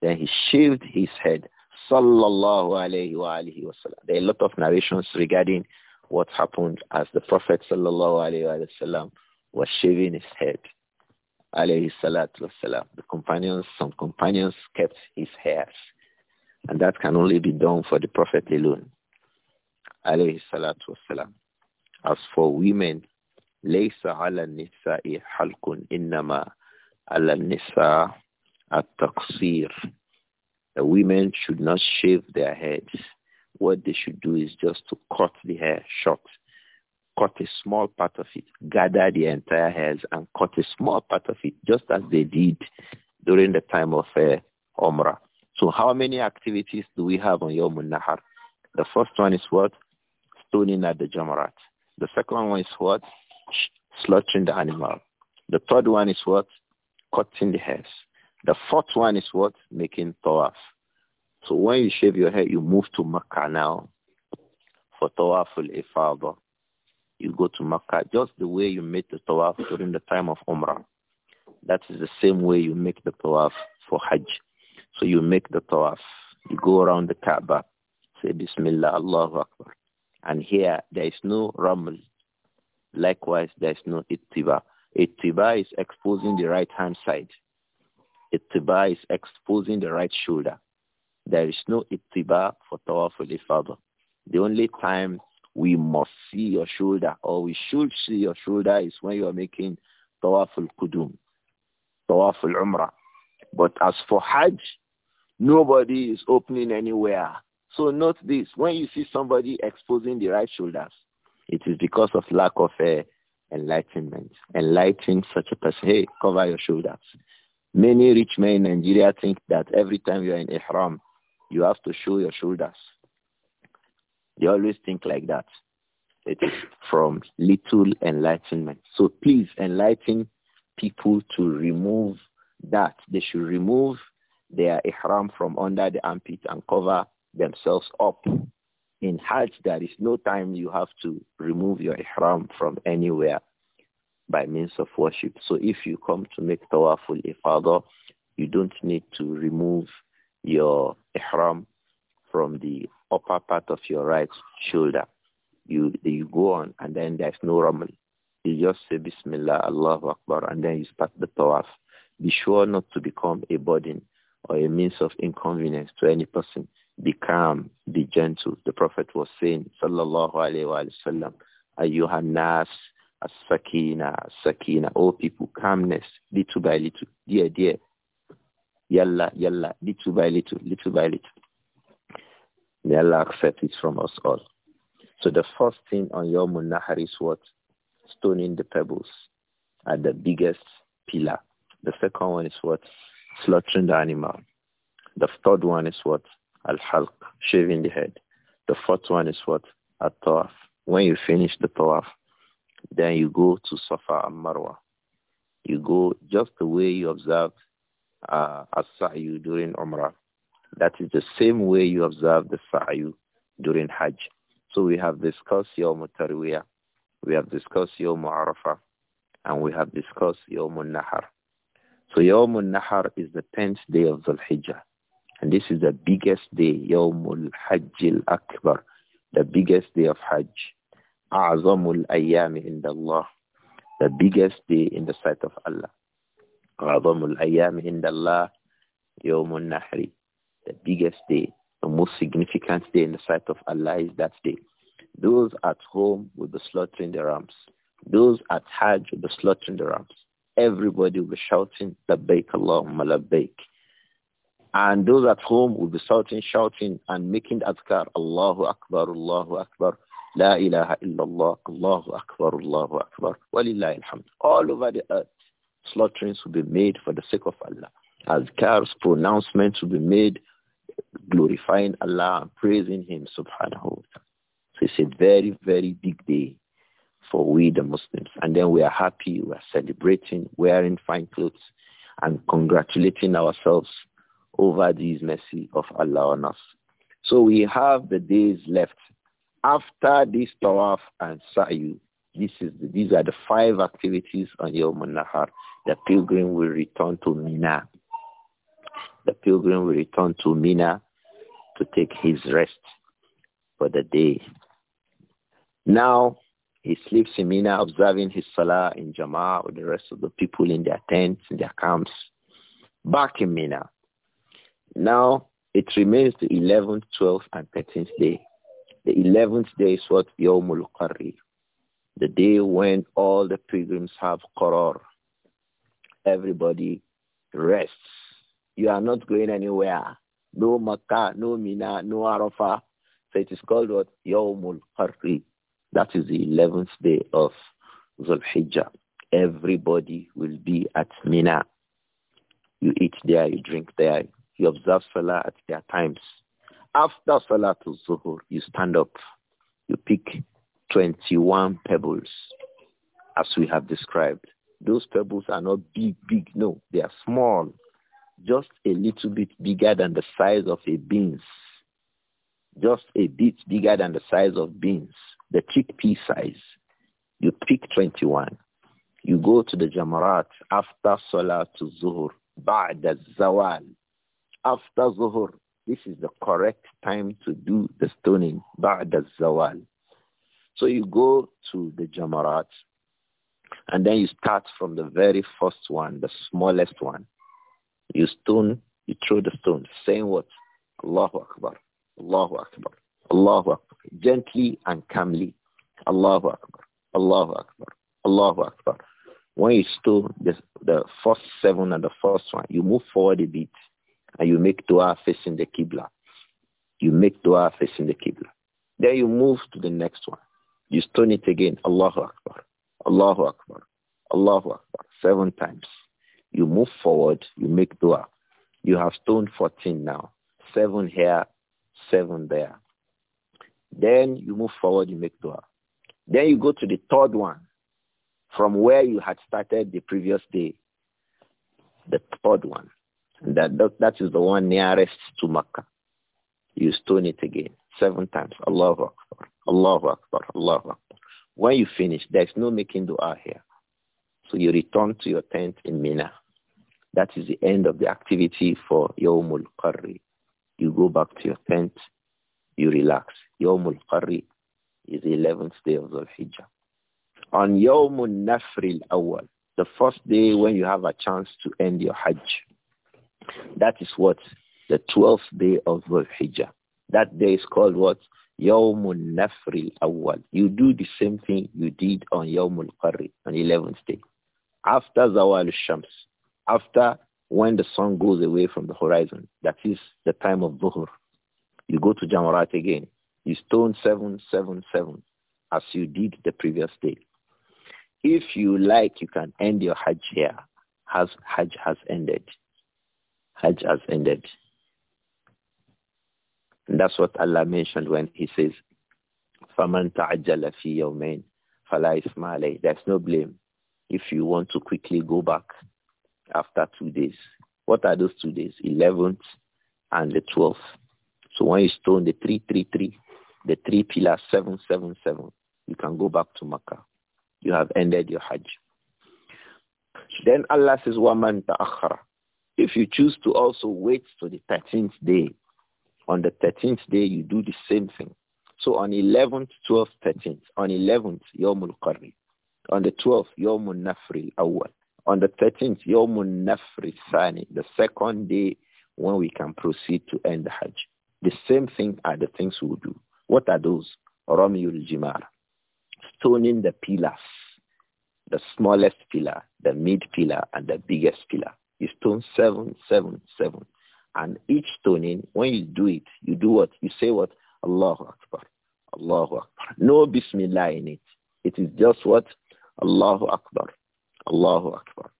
Then he shaved his head Sallallahu alayhi wa alihi wa There are a lot of narrations regarding what happened as the Prophet sallallahu alayhi wa sallam was shaving his head. Alayhi salatu wasalam. The companions, some companions kept his hairs. And that can only be done for the Prophet alone. Alayhi salatu wasalam. As for women, ليس على النساء حلق إنما على النساء التقصير that women should not shave their heads. What they should do is just to cut the hair short, cut a small part of it, gather the entire hairs and cut a small part of it, just as they did during the time of uh, Umrah. So how many activities do we have on Yom Nahar? The first one is what? Stoning at the Jamarat. The second one is what? Slaughtering the animal. The third one is what? Cutting the hairs. The fourth one is what? Making tawaf. So when you shave your head, you move to Makkah now for tawaf al-ifadah. You go to Makkah just the way you made the tawaf during the time of Umrah. That is the same way you make the tawaf for Hajj. So you make the tawaf. You go around the Kaaba. Say Bismillah, Allahu Akbar. And here there is no ramal. Likewise, there is no ittiba. Ittiba is exposing the right hand side. Ittiba is exposing the right shoulder. There is no ittiba for tawaf al-ifada. The only time we must see your shoulder or we should see your shoulder is when you are making tawaf al kudum, tawaf al-umrah. But as for hajj, nobody is opening anywhere. So note this, when you see somebody exposing the right shoulders, it is because of lack of uh, enlightenment. Enlighten such a person, hey, cover your shoulders. Many rich men in Nigeria think that every time you are in ihram, you have to show your shoulders. They always think like that. It is from little enlightenment. So please enlighten people to remove that. They should remove their ihram from under the armpit and cover themselves up. In Hajj, there is no time you have to remove your ihram from anywhere by means of worship. So if you come to make tawaful father, you don't need to remove your ihram from the upper part of your right shoulder. You, you go on and then there's no ramal. You just say Bismillah, Allahu Akbar, and then you start the tawaf. Be sure not to become a burden or a means of inconvenience to any person. Be calm, be gentle. The Prophet was saying, Sallallahu Alaihi Wasallam, Ayyuhan Nas, as-sakina, as-sakina. Oh people, calmness, little by little, dear, dear. Yalla, yalla, little by little, little by little. May Allah accept it from us all. So the first thing on your Nahar is what? Stoning the pebbles at the biggest pillar. The second one is what? Slaughtering the animal. The third one is what? Al-Halq, shaving the head. The fourth one is what? At-Tawaf. When you finish the Tawaf, then you go to Safa and Marwa. You go just the way you observed uh, as-sa'yu during Umrah. That is the same way you observe the sa'yu during Hajj. So we have discussed Yawm Tarwiyah, we have discussed Yawm Arafah, and we have discussed Yawm Nahar. So Yawm Nahar is the 10th day of the Hijjah. And this is the biggest day, Yawmul Hajj al-Akbar, the biggest day of Hajj the biggest day in the sight of Allah the biggest day the most significant day in the sight of Allah is that day those at home will be slaughtering the rams those at Hajj will be slaughtering the rams everybody will be shouting labbaik Allahumma labbaik and those at home will be shouting, shouting and making adhkar, Allahu Akbar, Allahu Akbar. إله إلا الله الله أكبر الله أكبر walillahi alhamd. All over the earth, slaughterings will be made for the sake of Allah. As cars' pronouncements will be made glorifying Allah and praising Him subhanahu wa ta'ala. So it's a very, very big day for we the Muslims. And then we are happy, we are celebrating, wearing fine clothes and congratulating ourselves over these mercy of Allah on us. So we have the days left after this tawaf and sa'i, this is the, these are the five activities on your Nahar. The pilgrim will return to Mina. The pilgrim will return to Mina to take his rest for the day. Now he sleeps in Mina, observing his salah in Jama'ah with the rest of the people in their tents, in their camps, back in Mina. Now it remains the 11th, 12th, and 13th day the 11th day is what? yomul Qarri. The day when all the pilgrims have qarar. Everybody rests. You are not going anywhere. No Makkah, no Mina, no Arafah. So it is called what? yomul Qarri. That is the 11th day of Zulhijjah. Everybody will be at Mina. You eat there, you drink there, you observe Salah at their times after Salatul Zuhur, you stand up. You pick 21 pebbles, as we have described. Those pebbles are not big, big. No, they are small, just a little bit bigger than the size of a beans, just a bit bigger than the size of beans, the chickpea size. You pick 21. You go to the Jamarat after Salatul Zuhur, Ba'da Zawal, after Zuhur, this is the correct time to do the stoning, بعد الزوال. So you go to the jamarat, and then you start from the very first one, the smallest one. You stone, you throw the stone, saying what? Allahu Akbar, Allahu Akbar, Allahu Akbar, gently and calmly. Allahu Akbar, Allahu Akbar, Allahu Akbar. When you stone the, the first seven and the first one, you move forward a bit and you make dua facing the Qibla. You make dua facing the Qibla. Then you move to the next one. You stone it again. Allahu Akbar. Allahu Akbar. Allahu Akbar. Seven times. You move forward. You make dua. You have stone 14 now. Seven here, seven there. Then you move forward. You make dua. Then you go to the third one from where you had started the previous day. The third one. That, that, that is the one nearest to Makkah. You stone it again seven times. Allahu Akbar, Allahu Akbar, Allahu Akbar. When you finish, there's no making dua here. So you return to your tent in Mina. That is the end of the activity for Yawmul Qarri. You go back to your tent, you relax. Yawmul Qarri is the 11th day of the Hijjah. On Yawmul Nafril Awal, the first day when you have a chance to end your Hajj, that is what the 12th day of Hajj. Hijjah. That day is called what? Yawmul Nafri Awwal. You do the same thing you did on Yawmul Qarri, on 11th day. After Zawal Shams, after when the sun goes away from the horizon, that is the time of Dhuhr. You go to Jamarat again. You stone 777 as you did the previous day. If you like, you can end your Hajj here. Has, Hajj has ended. Hajj has ended. And that's what Allah mentioned when he says, فَمَنْ تَعَجَّلَ fi يَوْمَيْنِ فَلَا إِثْمَ There's no blame if you want to quickly go back after two days. What are those two days? 11th and the 12th. So when you stone the 333, the three pillars 777, you can go back to Makkah. You have ended your Hajj. Then Allah says, وَمَنْ تَأَخَّرَ if you choose to also wait to the 13th day, on the 13th day you do the same thing. So on 11th, 12th, 13th, on 11th, Yawmul Qarri. On the 12th, Yawmul Nafri Awal. On the 13th, Yawmul Nafri Sani, the second day when we can proceed to end the Hajj. The same thing are the things we do. What are those? Ramiul Jimar. Stoning the pillars, the smallest pillar, the mid pillar, and the biggest pillar. You stone seven, seven, seven. And each stoning, when you do it, you do what? You say what? Allahu Akbar. Allahu Akbar. No Bismillah in it. It is just what? Allahu Akbar. Allahu Akbar.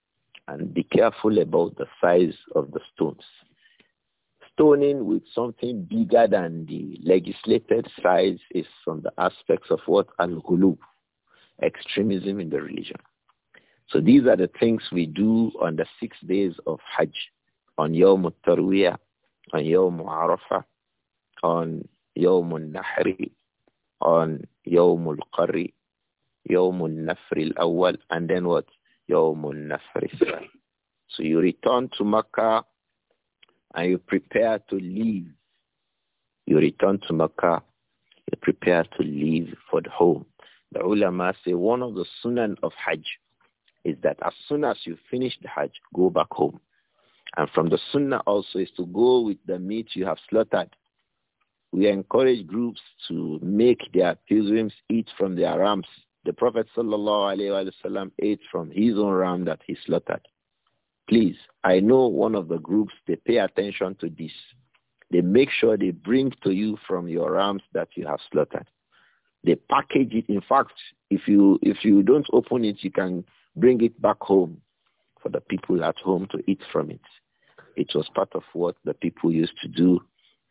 And be careful about the size of the stones. Stoning with something bigger than the legislated size is from the aspects of what? Al-Ghulub. Extremism in the religion. So these are the things we do on the six days of Hajj, on Yawm al-Tarwiyah, on Yawm Arafah, on Yawm al-Nahri, on Yawm al-Qari, Yawm al-Nafri al-Awwal, and then what? Yawm al-Nafri So you return to Makkah and you prepare to leave. You return to Makkah, you prepare to leave for the home. The ulama say one of the sunan of Hajj is that as soon as you finish the Hajj, go back home. And from the Sunnah also is to go with the meat you have slaughtered. We encourage groups to make their pilgrims eat from their rams. The Prophet ﷺ ate from his own ram that he slaughtered. Please, I know one of the groups, they pay attention to this. They make sure they bring to you from your rams that you have slaughtered. They package it. In fact, if you if you don't open it, you can bring it back home for the people at home to eat from it. It was part of what the people used to do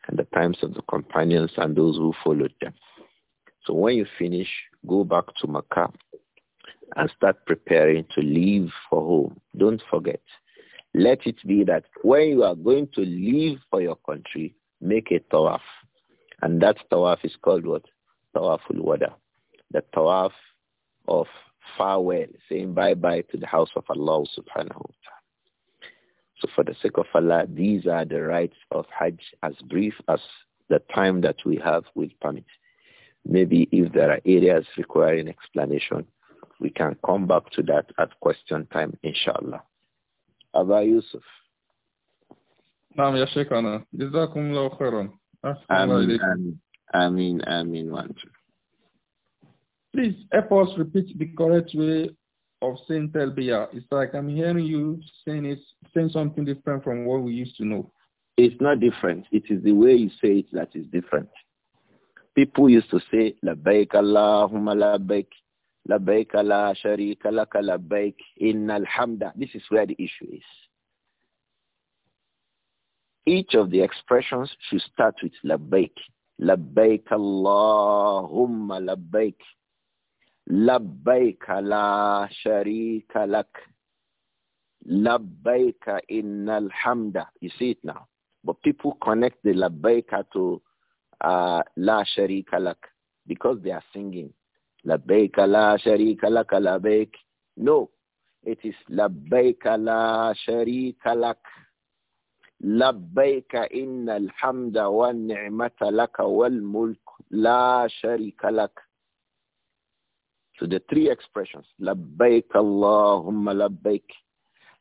in the times of the companions and those who followed them. So when you finish, go back to Makkah and start preparing to leave for home. Don't forget. Let it be that when you are going to leave for your country, make a tawaf. And that tawaf is called what? Tawaful wada. The tawaf of farewell, saying bye-bye to the house of Allah subhanahu wa ta'ala. So for the sake of Allah, these are the rites of Hajj as brief as the time that we have will permit. Maybe if there are areas requiring explanation, we can come back to that at question time, inshallah. Abay Yusuf. نعم يا شيخنا جزاكم الله خيرا أحسن الله إليكم آمين Please help us repeat the correct way of saying Telbiya. It's like I'm hearing you saying it, saying something different from what we used to know. It's not different. It is the way you say it that is different. People used to say Labaik Allahumma Labaik, Labaik Allah Sharika Laka Labaik, Inna Hamda. This is where the issue is. Each of the expressions should start with Labaik. Labbaik Allahumma Labbaik. لبيك لا شريك لك لبيك إن الحمد You see it now. But people connect the labbaika to uh, la sharika lak because they are singing. Labbaika la sharika lak labbaik. No, it is labbaika la sharika lak. لبيك إن الحمد والنعمة لك والملك لا شريك لك so the three expressions. Labbaik Allahumma labbaik.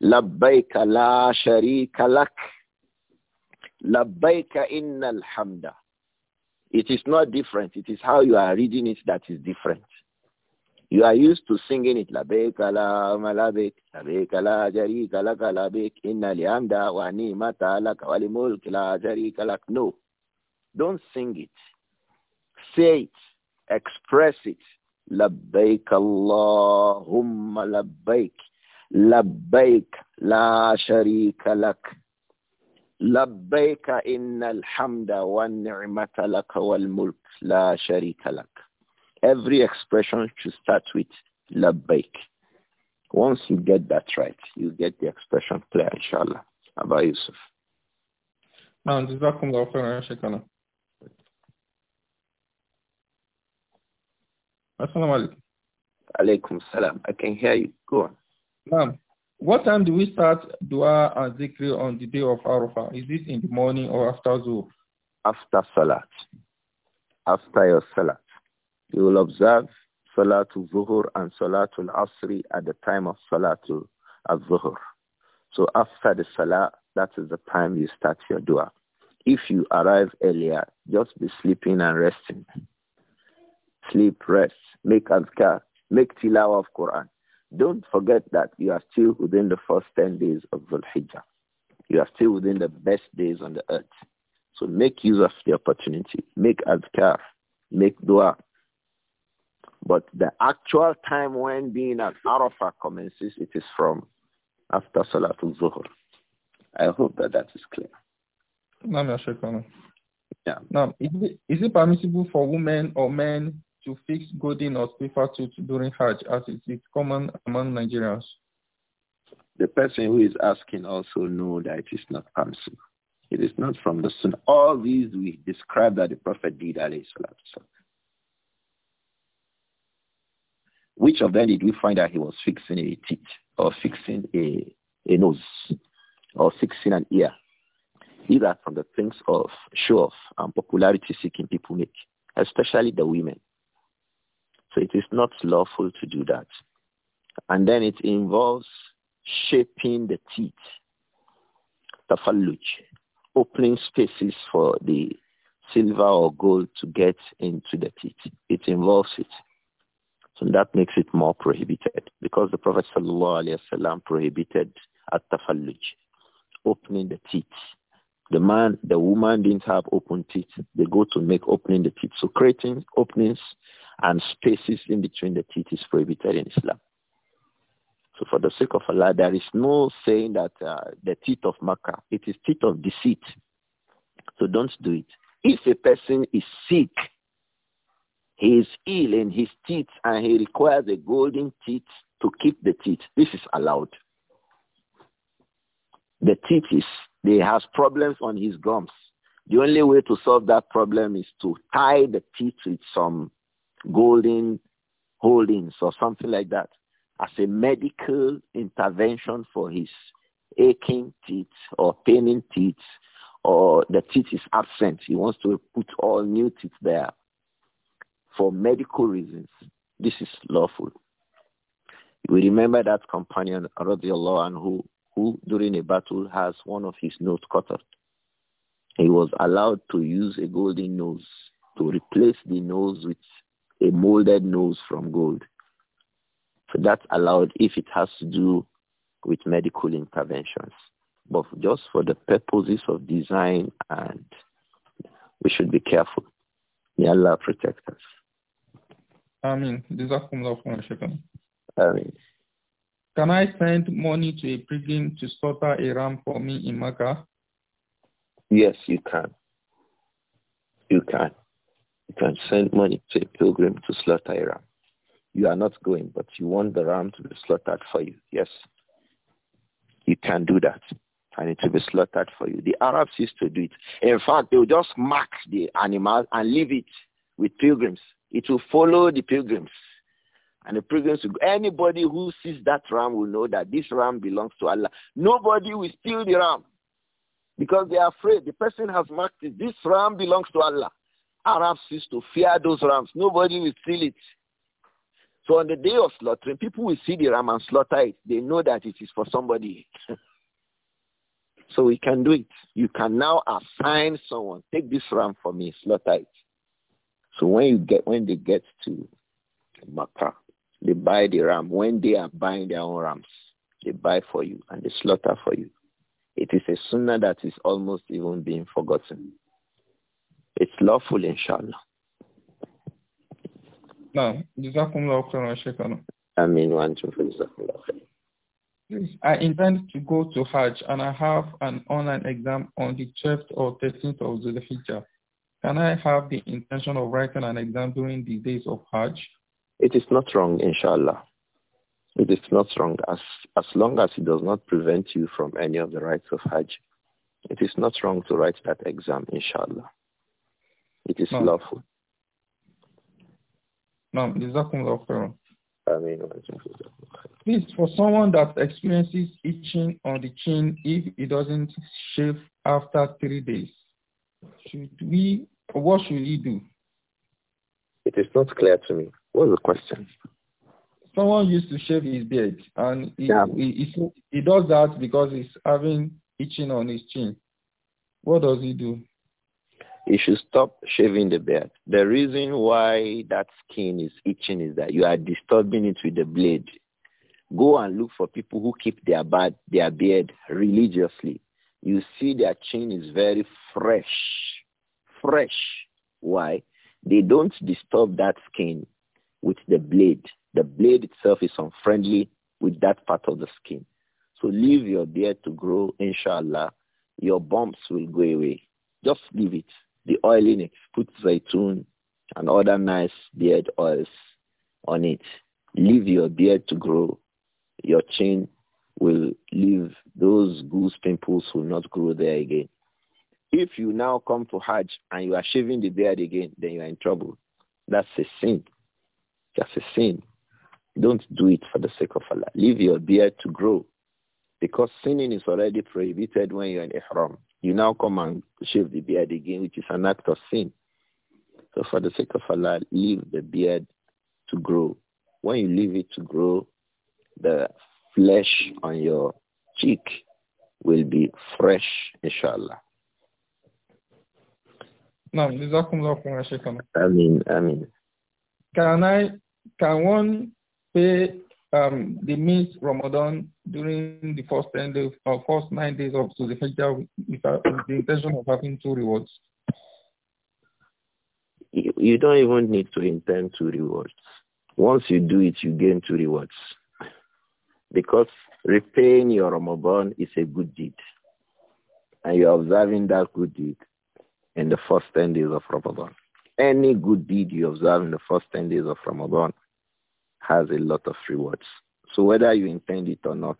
Labbaik la sharika lak. Labbaik innal hamda. It is not different. It is how you are reading it that is different. You are used to singing it. Labbaik Allahumma labbaik. Labbaik la sharika lak. Labbaik innal hamda wa ni'mata lak. Wal mulk la sharika lak. No. Don't sing it. Say it. Express it لبيك اللهم لبيك لبيك لا شريك لك لبيك إن الحمد والنعمة لك والملك لا شريك لك Every expression should start with لبيك Once you get that right, you get the expression clear, inshallah. Abba Yusuf. نعم جزاكم الله خيرا يا Assalamu alaikum. Alaikum salam. I can hear you. Go on. Ma'am, what time do we start dua and zikr on the day of Arafah? Is it in the morning or after Zuhr? After Salat. After your Salat. You will observe Salatul Zuhur and Salatul Asri at the time of Salatul Zuhur. So after the Salah, that is the time you start your dua. If you arrive earlier, just be sleeping and resting sleep, rest, make azkar, make tilawa of Quran. Don't forget that you are still within the first 10 days of Dhul Hijjah. You are still within the best days on the earth. So make use of the opportunity. Make azkar, make dua. But the actual time when being at Arafah commences, it is from after Salatul Zuhr. I hope that that is clear. Yeah. Now, is it, is it permissible for women or men to fix golden or silver tooth during Hajj as it is common among Nigerians? The person who is asking also know that it is not answered. It is not from the Sunnah. All these we describe that the Prophet did, alayhi Which of them did we find that he was fixing a teeth or fixing a, a nose or fixing an ear? These are from the things of show-off and popularity-seeking people make, especially the women. So it is not lawful to do that. And then it involves shaping the teeth, the falluj, opening spaces for the silver or gold to get into the teeth. It involves it. So that makes it more prohibited because the Prophet ﷺ prohibited at-tafalluj, opening the teeth. The man, the woman didn't have open teeth. They go to make opening the teeth. So creating openings and spaces in between the teeth is prohibited in Islam. So for the sake of Allah, there is no saying that uh, the teeth of Makkah, it is teeth of deceit. So don't do it. If a person is sick, he is ill in his teeth and he requires a golden teeth to keep the teeth, this is allowed. The teeth is, he has problems on his gums. The only way to solve that problem is to tie the teeth with some golden holdings or something like that as a medical intervention for his aching teeth or paining teeth or the teeth is absent. He wants to put all new teeth there for medical reasons. This is lawful. We remember that companion, radiallahu anhu, who during a battle has one of his nose cut off. He was allowed to use a golden nose to replace the nose with a molded nose from gold. So that's allowed if it has to do with medical interventions. But just for the purposes of design and we should be careful. May Allah protect us. Amen. Amen. Can I send money to a pilgrim to slaughter a ram for me in Makkah? Yes, you can. You can. You can send money to a pilgrim to slaughter a ram. You are not going, but you want the ram to be slaughtered for you. Yes, you can do that. And it will be slaughtered for you. The Arabs used to do it. In fact, they will just mark the animal and leave it with pilgrims. It will follow the pilgrims. And the pilgrims will go. Anybody who sees that ram will know that this ram belongs to Allah. Nobody will steal the ram because they are afraid. The person has marked it. This ram belongs to Allah. Arabs used to fear those rams. Nobody will steal it. So on the day of slaughtering, people will see the ram and slaughter it. They know that it is for somebody. so we can do it. You can now assign someone, take this ram for me, slaughter it. So when you get when they get to Makkah, they buy the ram. When they are buying their own rams, they buy for you and they slaughter for you. It is a sunnah that is almost even being forgotten. It's lawful, inshallah. No, Jazakumullah khairan, Shaykhana. I mean, one, two, three, Jazakumullah I intend to go to Hajj and I have an online exam on the 12th or 13th of Zulhijjah. Can I have the intention of writing an exam during the days of Hajj? It is not wrong, inshallah. It is not wrong as, as long as it does not prevent you from any of the rights of Hajj. It is not wrong to write that exam, inshallah. It is no. lawful. No, jazakumullah khairan. Please, for someone that experiences itching on the chin if he doesn't shave after three days, should we, what should he do? It is not clear to me. What's the question? Someone used to shave his beard, and he, yeah. he, he, he does that because he's having itching on his chin. What does he do? you should stop shaving the beard. The reason why that skin is itching is that you are disturbing it with the blade. Go and look for people who keep their, their beard religiously. You see their chin is very fresh. Fresh. Why? They don't disturb that skin with the blade. The blade itself is unfriendly with that part of the skin. So leave your beard to grow, inshallah. Your bumps will go away. Just leave it the oil in it. Put zaitun and other nice beard oils on it. Leave your beard to grow. Your chin will leave. Those goose pimples will not grow there again. If you now come to Hajj and you are shaving the beard again, then you are in trouble. That's a sin. That's a sin. Don't do it for the sake of Allah. Leave your beard to grow. Because sinning is already prohibited when you're in ihram. You now come and shave the beard again, which is an act of sin. So for the sake of Allah, leave the beard to grow. When you leave it to grow, the flesh on your cheek will be fresh, inshallah. Naam, jazakumullah khairan, Sheikh. Amin, amin. Can I, can one pay um, they miss Ramadan during the first ten days, uh, first nine days of to the Hijjah uh, with, the intention of having two rewards? You, you don't even need to intend two rewards. Once you do it, you gain two rewards. Because repaying your Ramadan is a good deed. And you're observing that good deed in the first 10 days of Ramadan. Any good deed you observe in the first 10 days of Ramadan has a lot of rewards. So whether you intend it or not,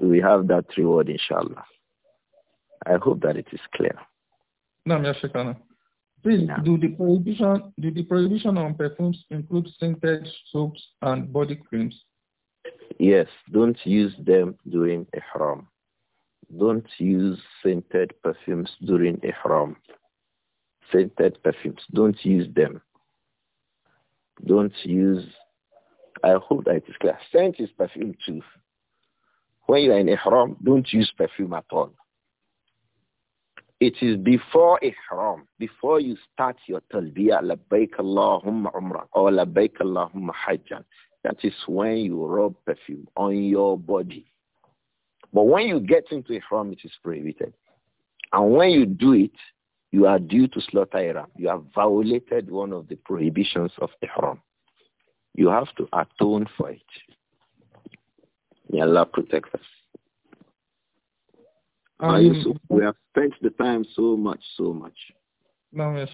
we have that reward, inshallah. I hope that it is clear. No, Mr. Please, no. do the prohibition do the prohibition on perfumes include scented soaps and body creams? Yes, don't use them during ihram. Don't use scented perfumes during ihram. Scented perfumes, don't use them. Don't use I hope that it is clear. Scent is perfume too. When you are in ihram, don't use perfume at all. It is before ihram, before you start your talbiyah, labbaik Allahumma umrah or labbaik Allahumma hajjan. That is when you rub perfume on your body. But when you get into ihram, it is prohibited. And when you do it, you are due to slaughter You have violated one of the prohibitions of ihram. You have to atone for it. May Allah protect us. Um, we have spent the time so much, so much. I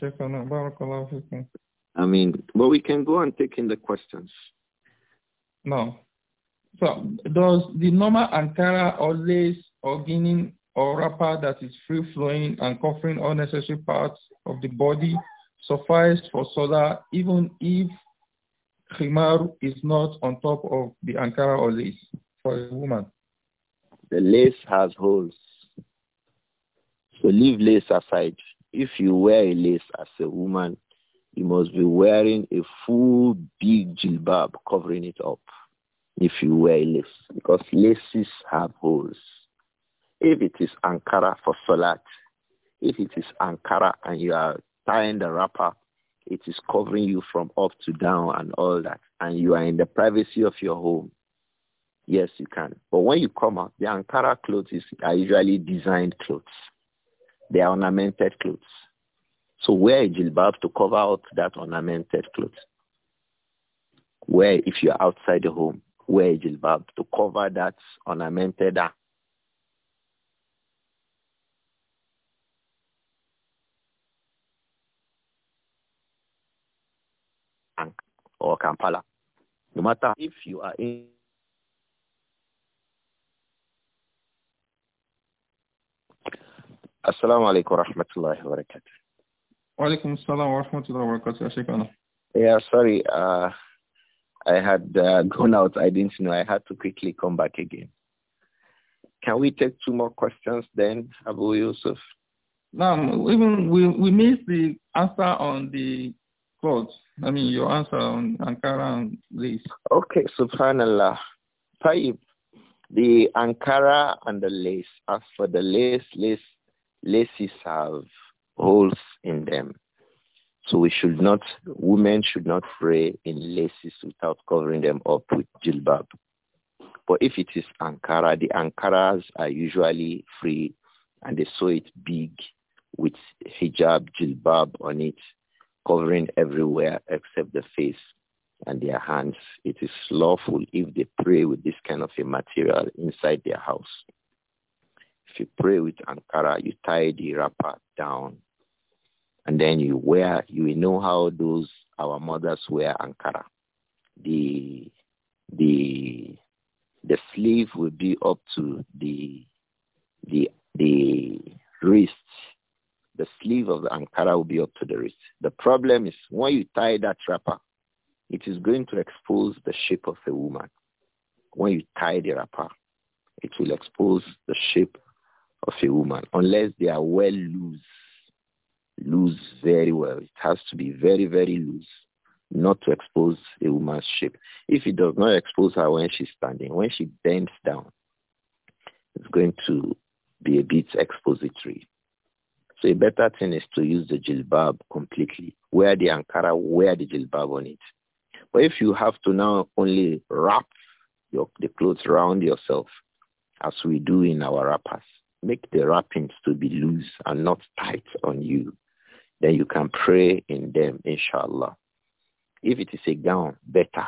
mean, but we can go and take in the questions. No. So does the normal Ankara or lace or guinea or wrapper that is free flowing and covering all necessary parts of the body suffice for solar even if khimar is not on top of the ankara or lace for a woman? The lace has holes. So leave lace aside. If you wear a lace as a woman, you must be wearing a full big jilbab covering it up if you wear a lace because laces have holes. If it is Ankara for Salat, if it is Ankara and you are tying the wrapper it is covering you from up to down and all that. And you are in the privacy of your home. Yes, you can. But when you come out, the Ankara clothes are usually designed clothes. They are ornamented clothes. So wear a jilbab to cover out that ornamented clothes. Where, if you're outside the home, wear a jilbab to cover that ornamented or Kampala. No matter if you are in Assalamu alaikum wa rahmatullahi wa barakatuh. Wa alaikum assalam wa rahmatullahi wa barakatuh. Yeah, sorry. Uh, I had uh, gone out. I didn't know. I had to quickly come back again. Can we take two more questions then, Abu Yusuf? No, even we, we missed the answer on the clothes. I mean, your answer on Ankara and lace. Okay, subhanallah. Taib, the Ankara and the lace. As for the lace, lace, laces have holes in them. So we should not, women should not pray in laces without covering them up with jilbab. But if it is Ankara, the Ankaras are usually free and they sew it big with hijab, jilbab on it covering everywhere except the face and their hands. It is lawful if they pray with this kind of a material inside their house. If you pray with Ankara, you tie the wrapper down and then you wear, you know how those, our mothers wear Ankara. The, the, the sleeve will be up to the, the, the wrists the sleeve of the Ankara will be up to the wrist. The problem is when you tie that wrapper, it is going to expose the shape of the woman. When you tie the wrapper, it will expose the shape of a woman unless they are well loose. Loose very well. It has to be very, very loose not to expose a woman's shape. If it does not expose her when she's standing, when she bends down, it's going to be a bit expository. So a better thing is to use the jilbab completely. Wear the ankara, wear the jilbab on it. But if you have to now only wrap your, the clothes around yourself, as we do in our wrappers, make the wrappings to be loose and not tight on you. Then you can pray in them, inshallah. If it is a gown, better.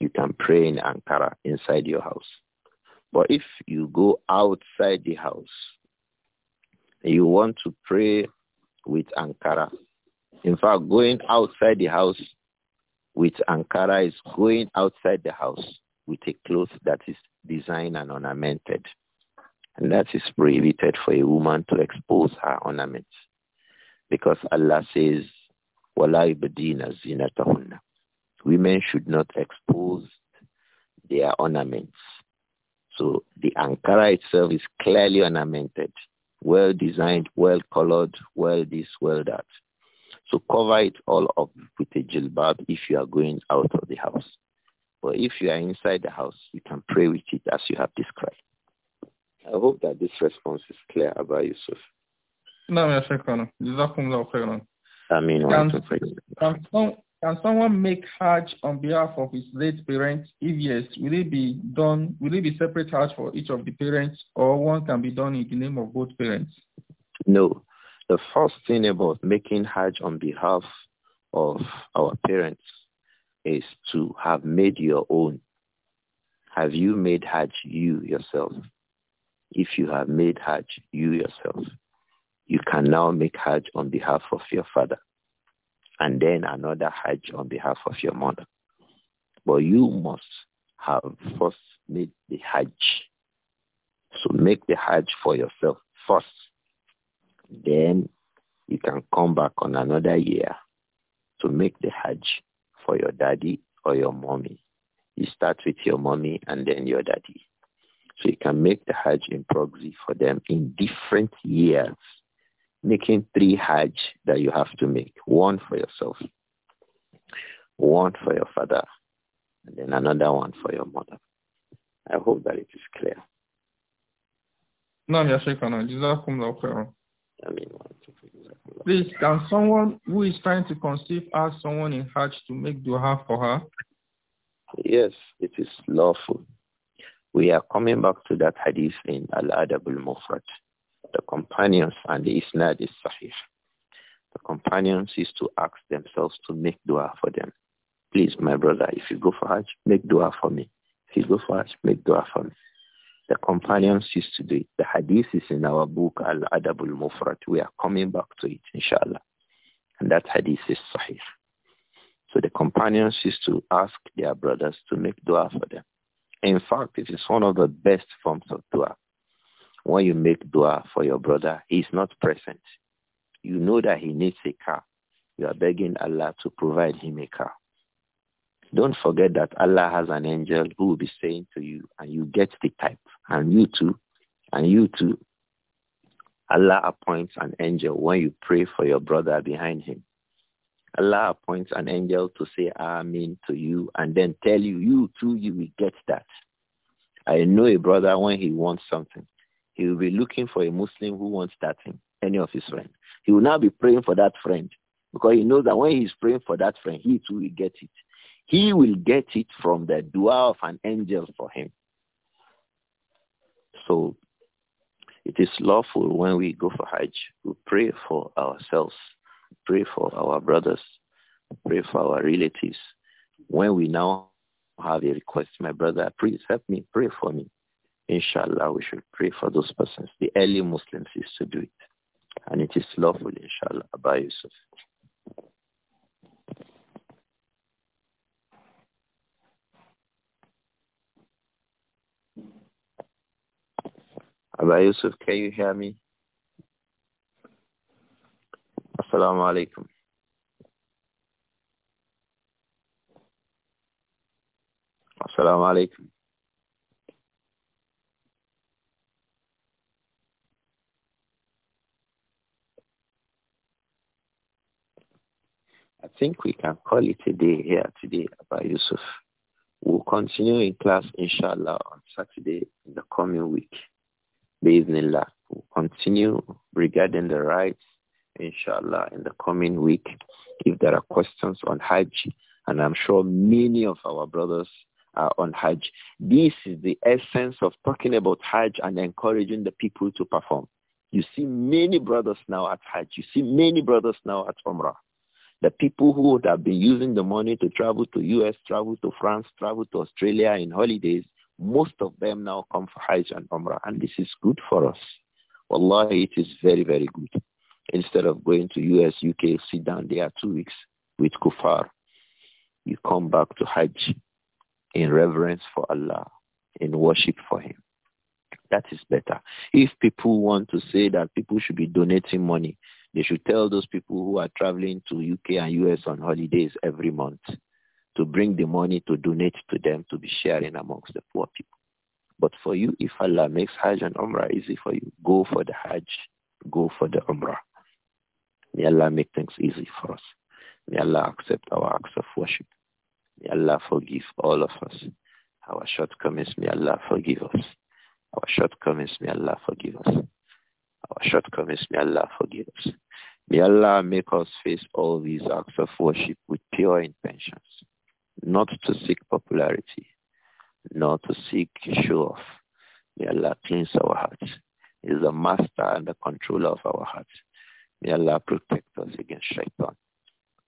You can pray in Ankara inside your house. But if you go outside the house, you want to pray with Ankara. In fact, going outside the house with Ankara is going outside the house with a cloth that is designed and ornamented. And that is prohibited for a woman to expose her ornaments. Because Allah says, "Wala Women should not expose their ornaments. So the Ankara itself is clearly ornamented well designed, well colored, well this, well that. So cover it all up with a jilbab if you are going out of the house. But if you are inside the house, you can pray with it as you have described. I hope that this response is clear about Yusuf. نعم I شيخنا Can, can, some, can someone make Hajj on behalf of his late parents? If yes, will it be done? Will it be separate Hajj for each of the parents, or one can be done in the name of both parents? No. The first thing about making Hajj on behalf of our parents is to have made your own. Have you made Hajj you yourself? If you have made Hajj you yourself, you can now make Hajj on behalf of your father and then another Hajj on behalf of your mother. But you must have first made the Hajj. So make the Hajj for yourself first. Then you can come back on another year to make the Hajj for your daddy or your mommy. You start with your mommy and then your daddy. So you can make the Hajj in proxy for them in different years making three hajj that you have to make. One for yourself, one for your father, and then another one for your mother. I hope that it is clear. نعم يا Please, can someone who is trying to conceive ask someone in Hajj to make dua for her? Yes, it is lawful. We are coming back to that hadith in Al-Adab al-Mufrad. The companions and the isnad is sahih. The companions used to ask themselves to make dua for them. Please, my brother, if you go for Hajj, make dua for me. If you go for Hajj, make dua for me. The companions used to do it. The hadith is in our book, Al-Adabul al Mufrat. We are coming back to it, inshallah. And that hadith is sahih. So the companions used to ask their brothers to make dua for them. In fact, it is one of the best forms of dua. When you make dua for your brother, he's not present. You know that he needs a car. You are begging Allah to provide him a car. Don't forget that Allah has an angel who will be saying to you, and you get the type, and you too, and you too. Allah appoints an angel when you pray for your brother behind him. Allah appoints an angel to say Amen to you and then tell you, you too, you will get that. I know a brother when he wants something. He will be looking for a Muslim who wants that thing, any of his friends. He will now be praying for that friend because he knows that when he's praying for that friend, he too will get it. He will get it from the dua of an angel for him. So it is lawful when we go for Hajj we pray for ourselves, pray for our brothers, pray for our relatives. When we now have a request, my brother, please help me, pray for me inshallah, we should pray for those persons. The early Muslims used to do it. And it is lawful, inshallah, by Yusuf. Abba Yusuf, can you hear me? Assalamu alaikum. Assalamu alaikum. think we can call it a day here today about Yusuf. We'll continue in class, inshallah, on Saturday in the coming week. Bismillah. We'll continue regarding the rights, inshallah, in the coming week. If there are questions on Hajj, and I'm sure many of our brothers are on Hajj. This is the essence of talking about Hajj and encouraging the people to perform. You see many brothers now at Hajj. You see many brothers now at Umrah. The people who would have been using the money to travel to US, travel to France, travel to Australia in holidays, most of them now come for Hajj and Umrah. And this is good for us. Allah, it is very, very good. Instead of going to US, UK, sit down there two weeks with Kufar, You come back to Hajj in reverence for Allah, in worship for Him. That is better. If people want to say that people should be donating money, they should tell those people who are traveling to UK and US on holidays every month to bring the money to donate to them to be sharing amongst the poor people. But for you, if Allah makes Hajj and Umrah easy for you, go for the Hajj, go for the Umrah. May Allah make things easy for us. May Allah accept our acts of worship. May Allah forgive all of us. Our shortcomings, may Allah forgive us. Our shortcomings, may Allah forgive us. Our shortcomings, may Allah forgive us. May Allah make us face all these acts of worship with pure intentions, not to seek popularity, not to seek show-off. May Allah cleanse our hearts. He is the master and the controller of our hearts. May Allah protect us against shaitan,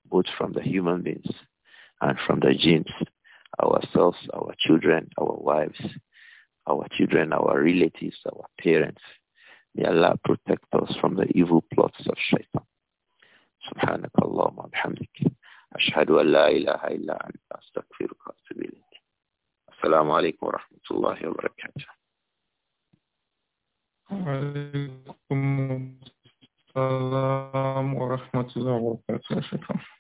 both from the human beings and from the jinns, ourselves, our children, our wives, our children, our relatives, our parents, May Allah protect us from the evil plots of shaitan. سبحانك اللهم وبحمدك أشهد أن لا إله إلا أنت أستغفرك وأتوب إليك السلام عليكم ورحمة الله وبركاته وعليكم السلام ورحمة الله وبركاته شكرا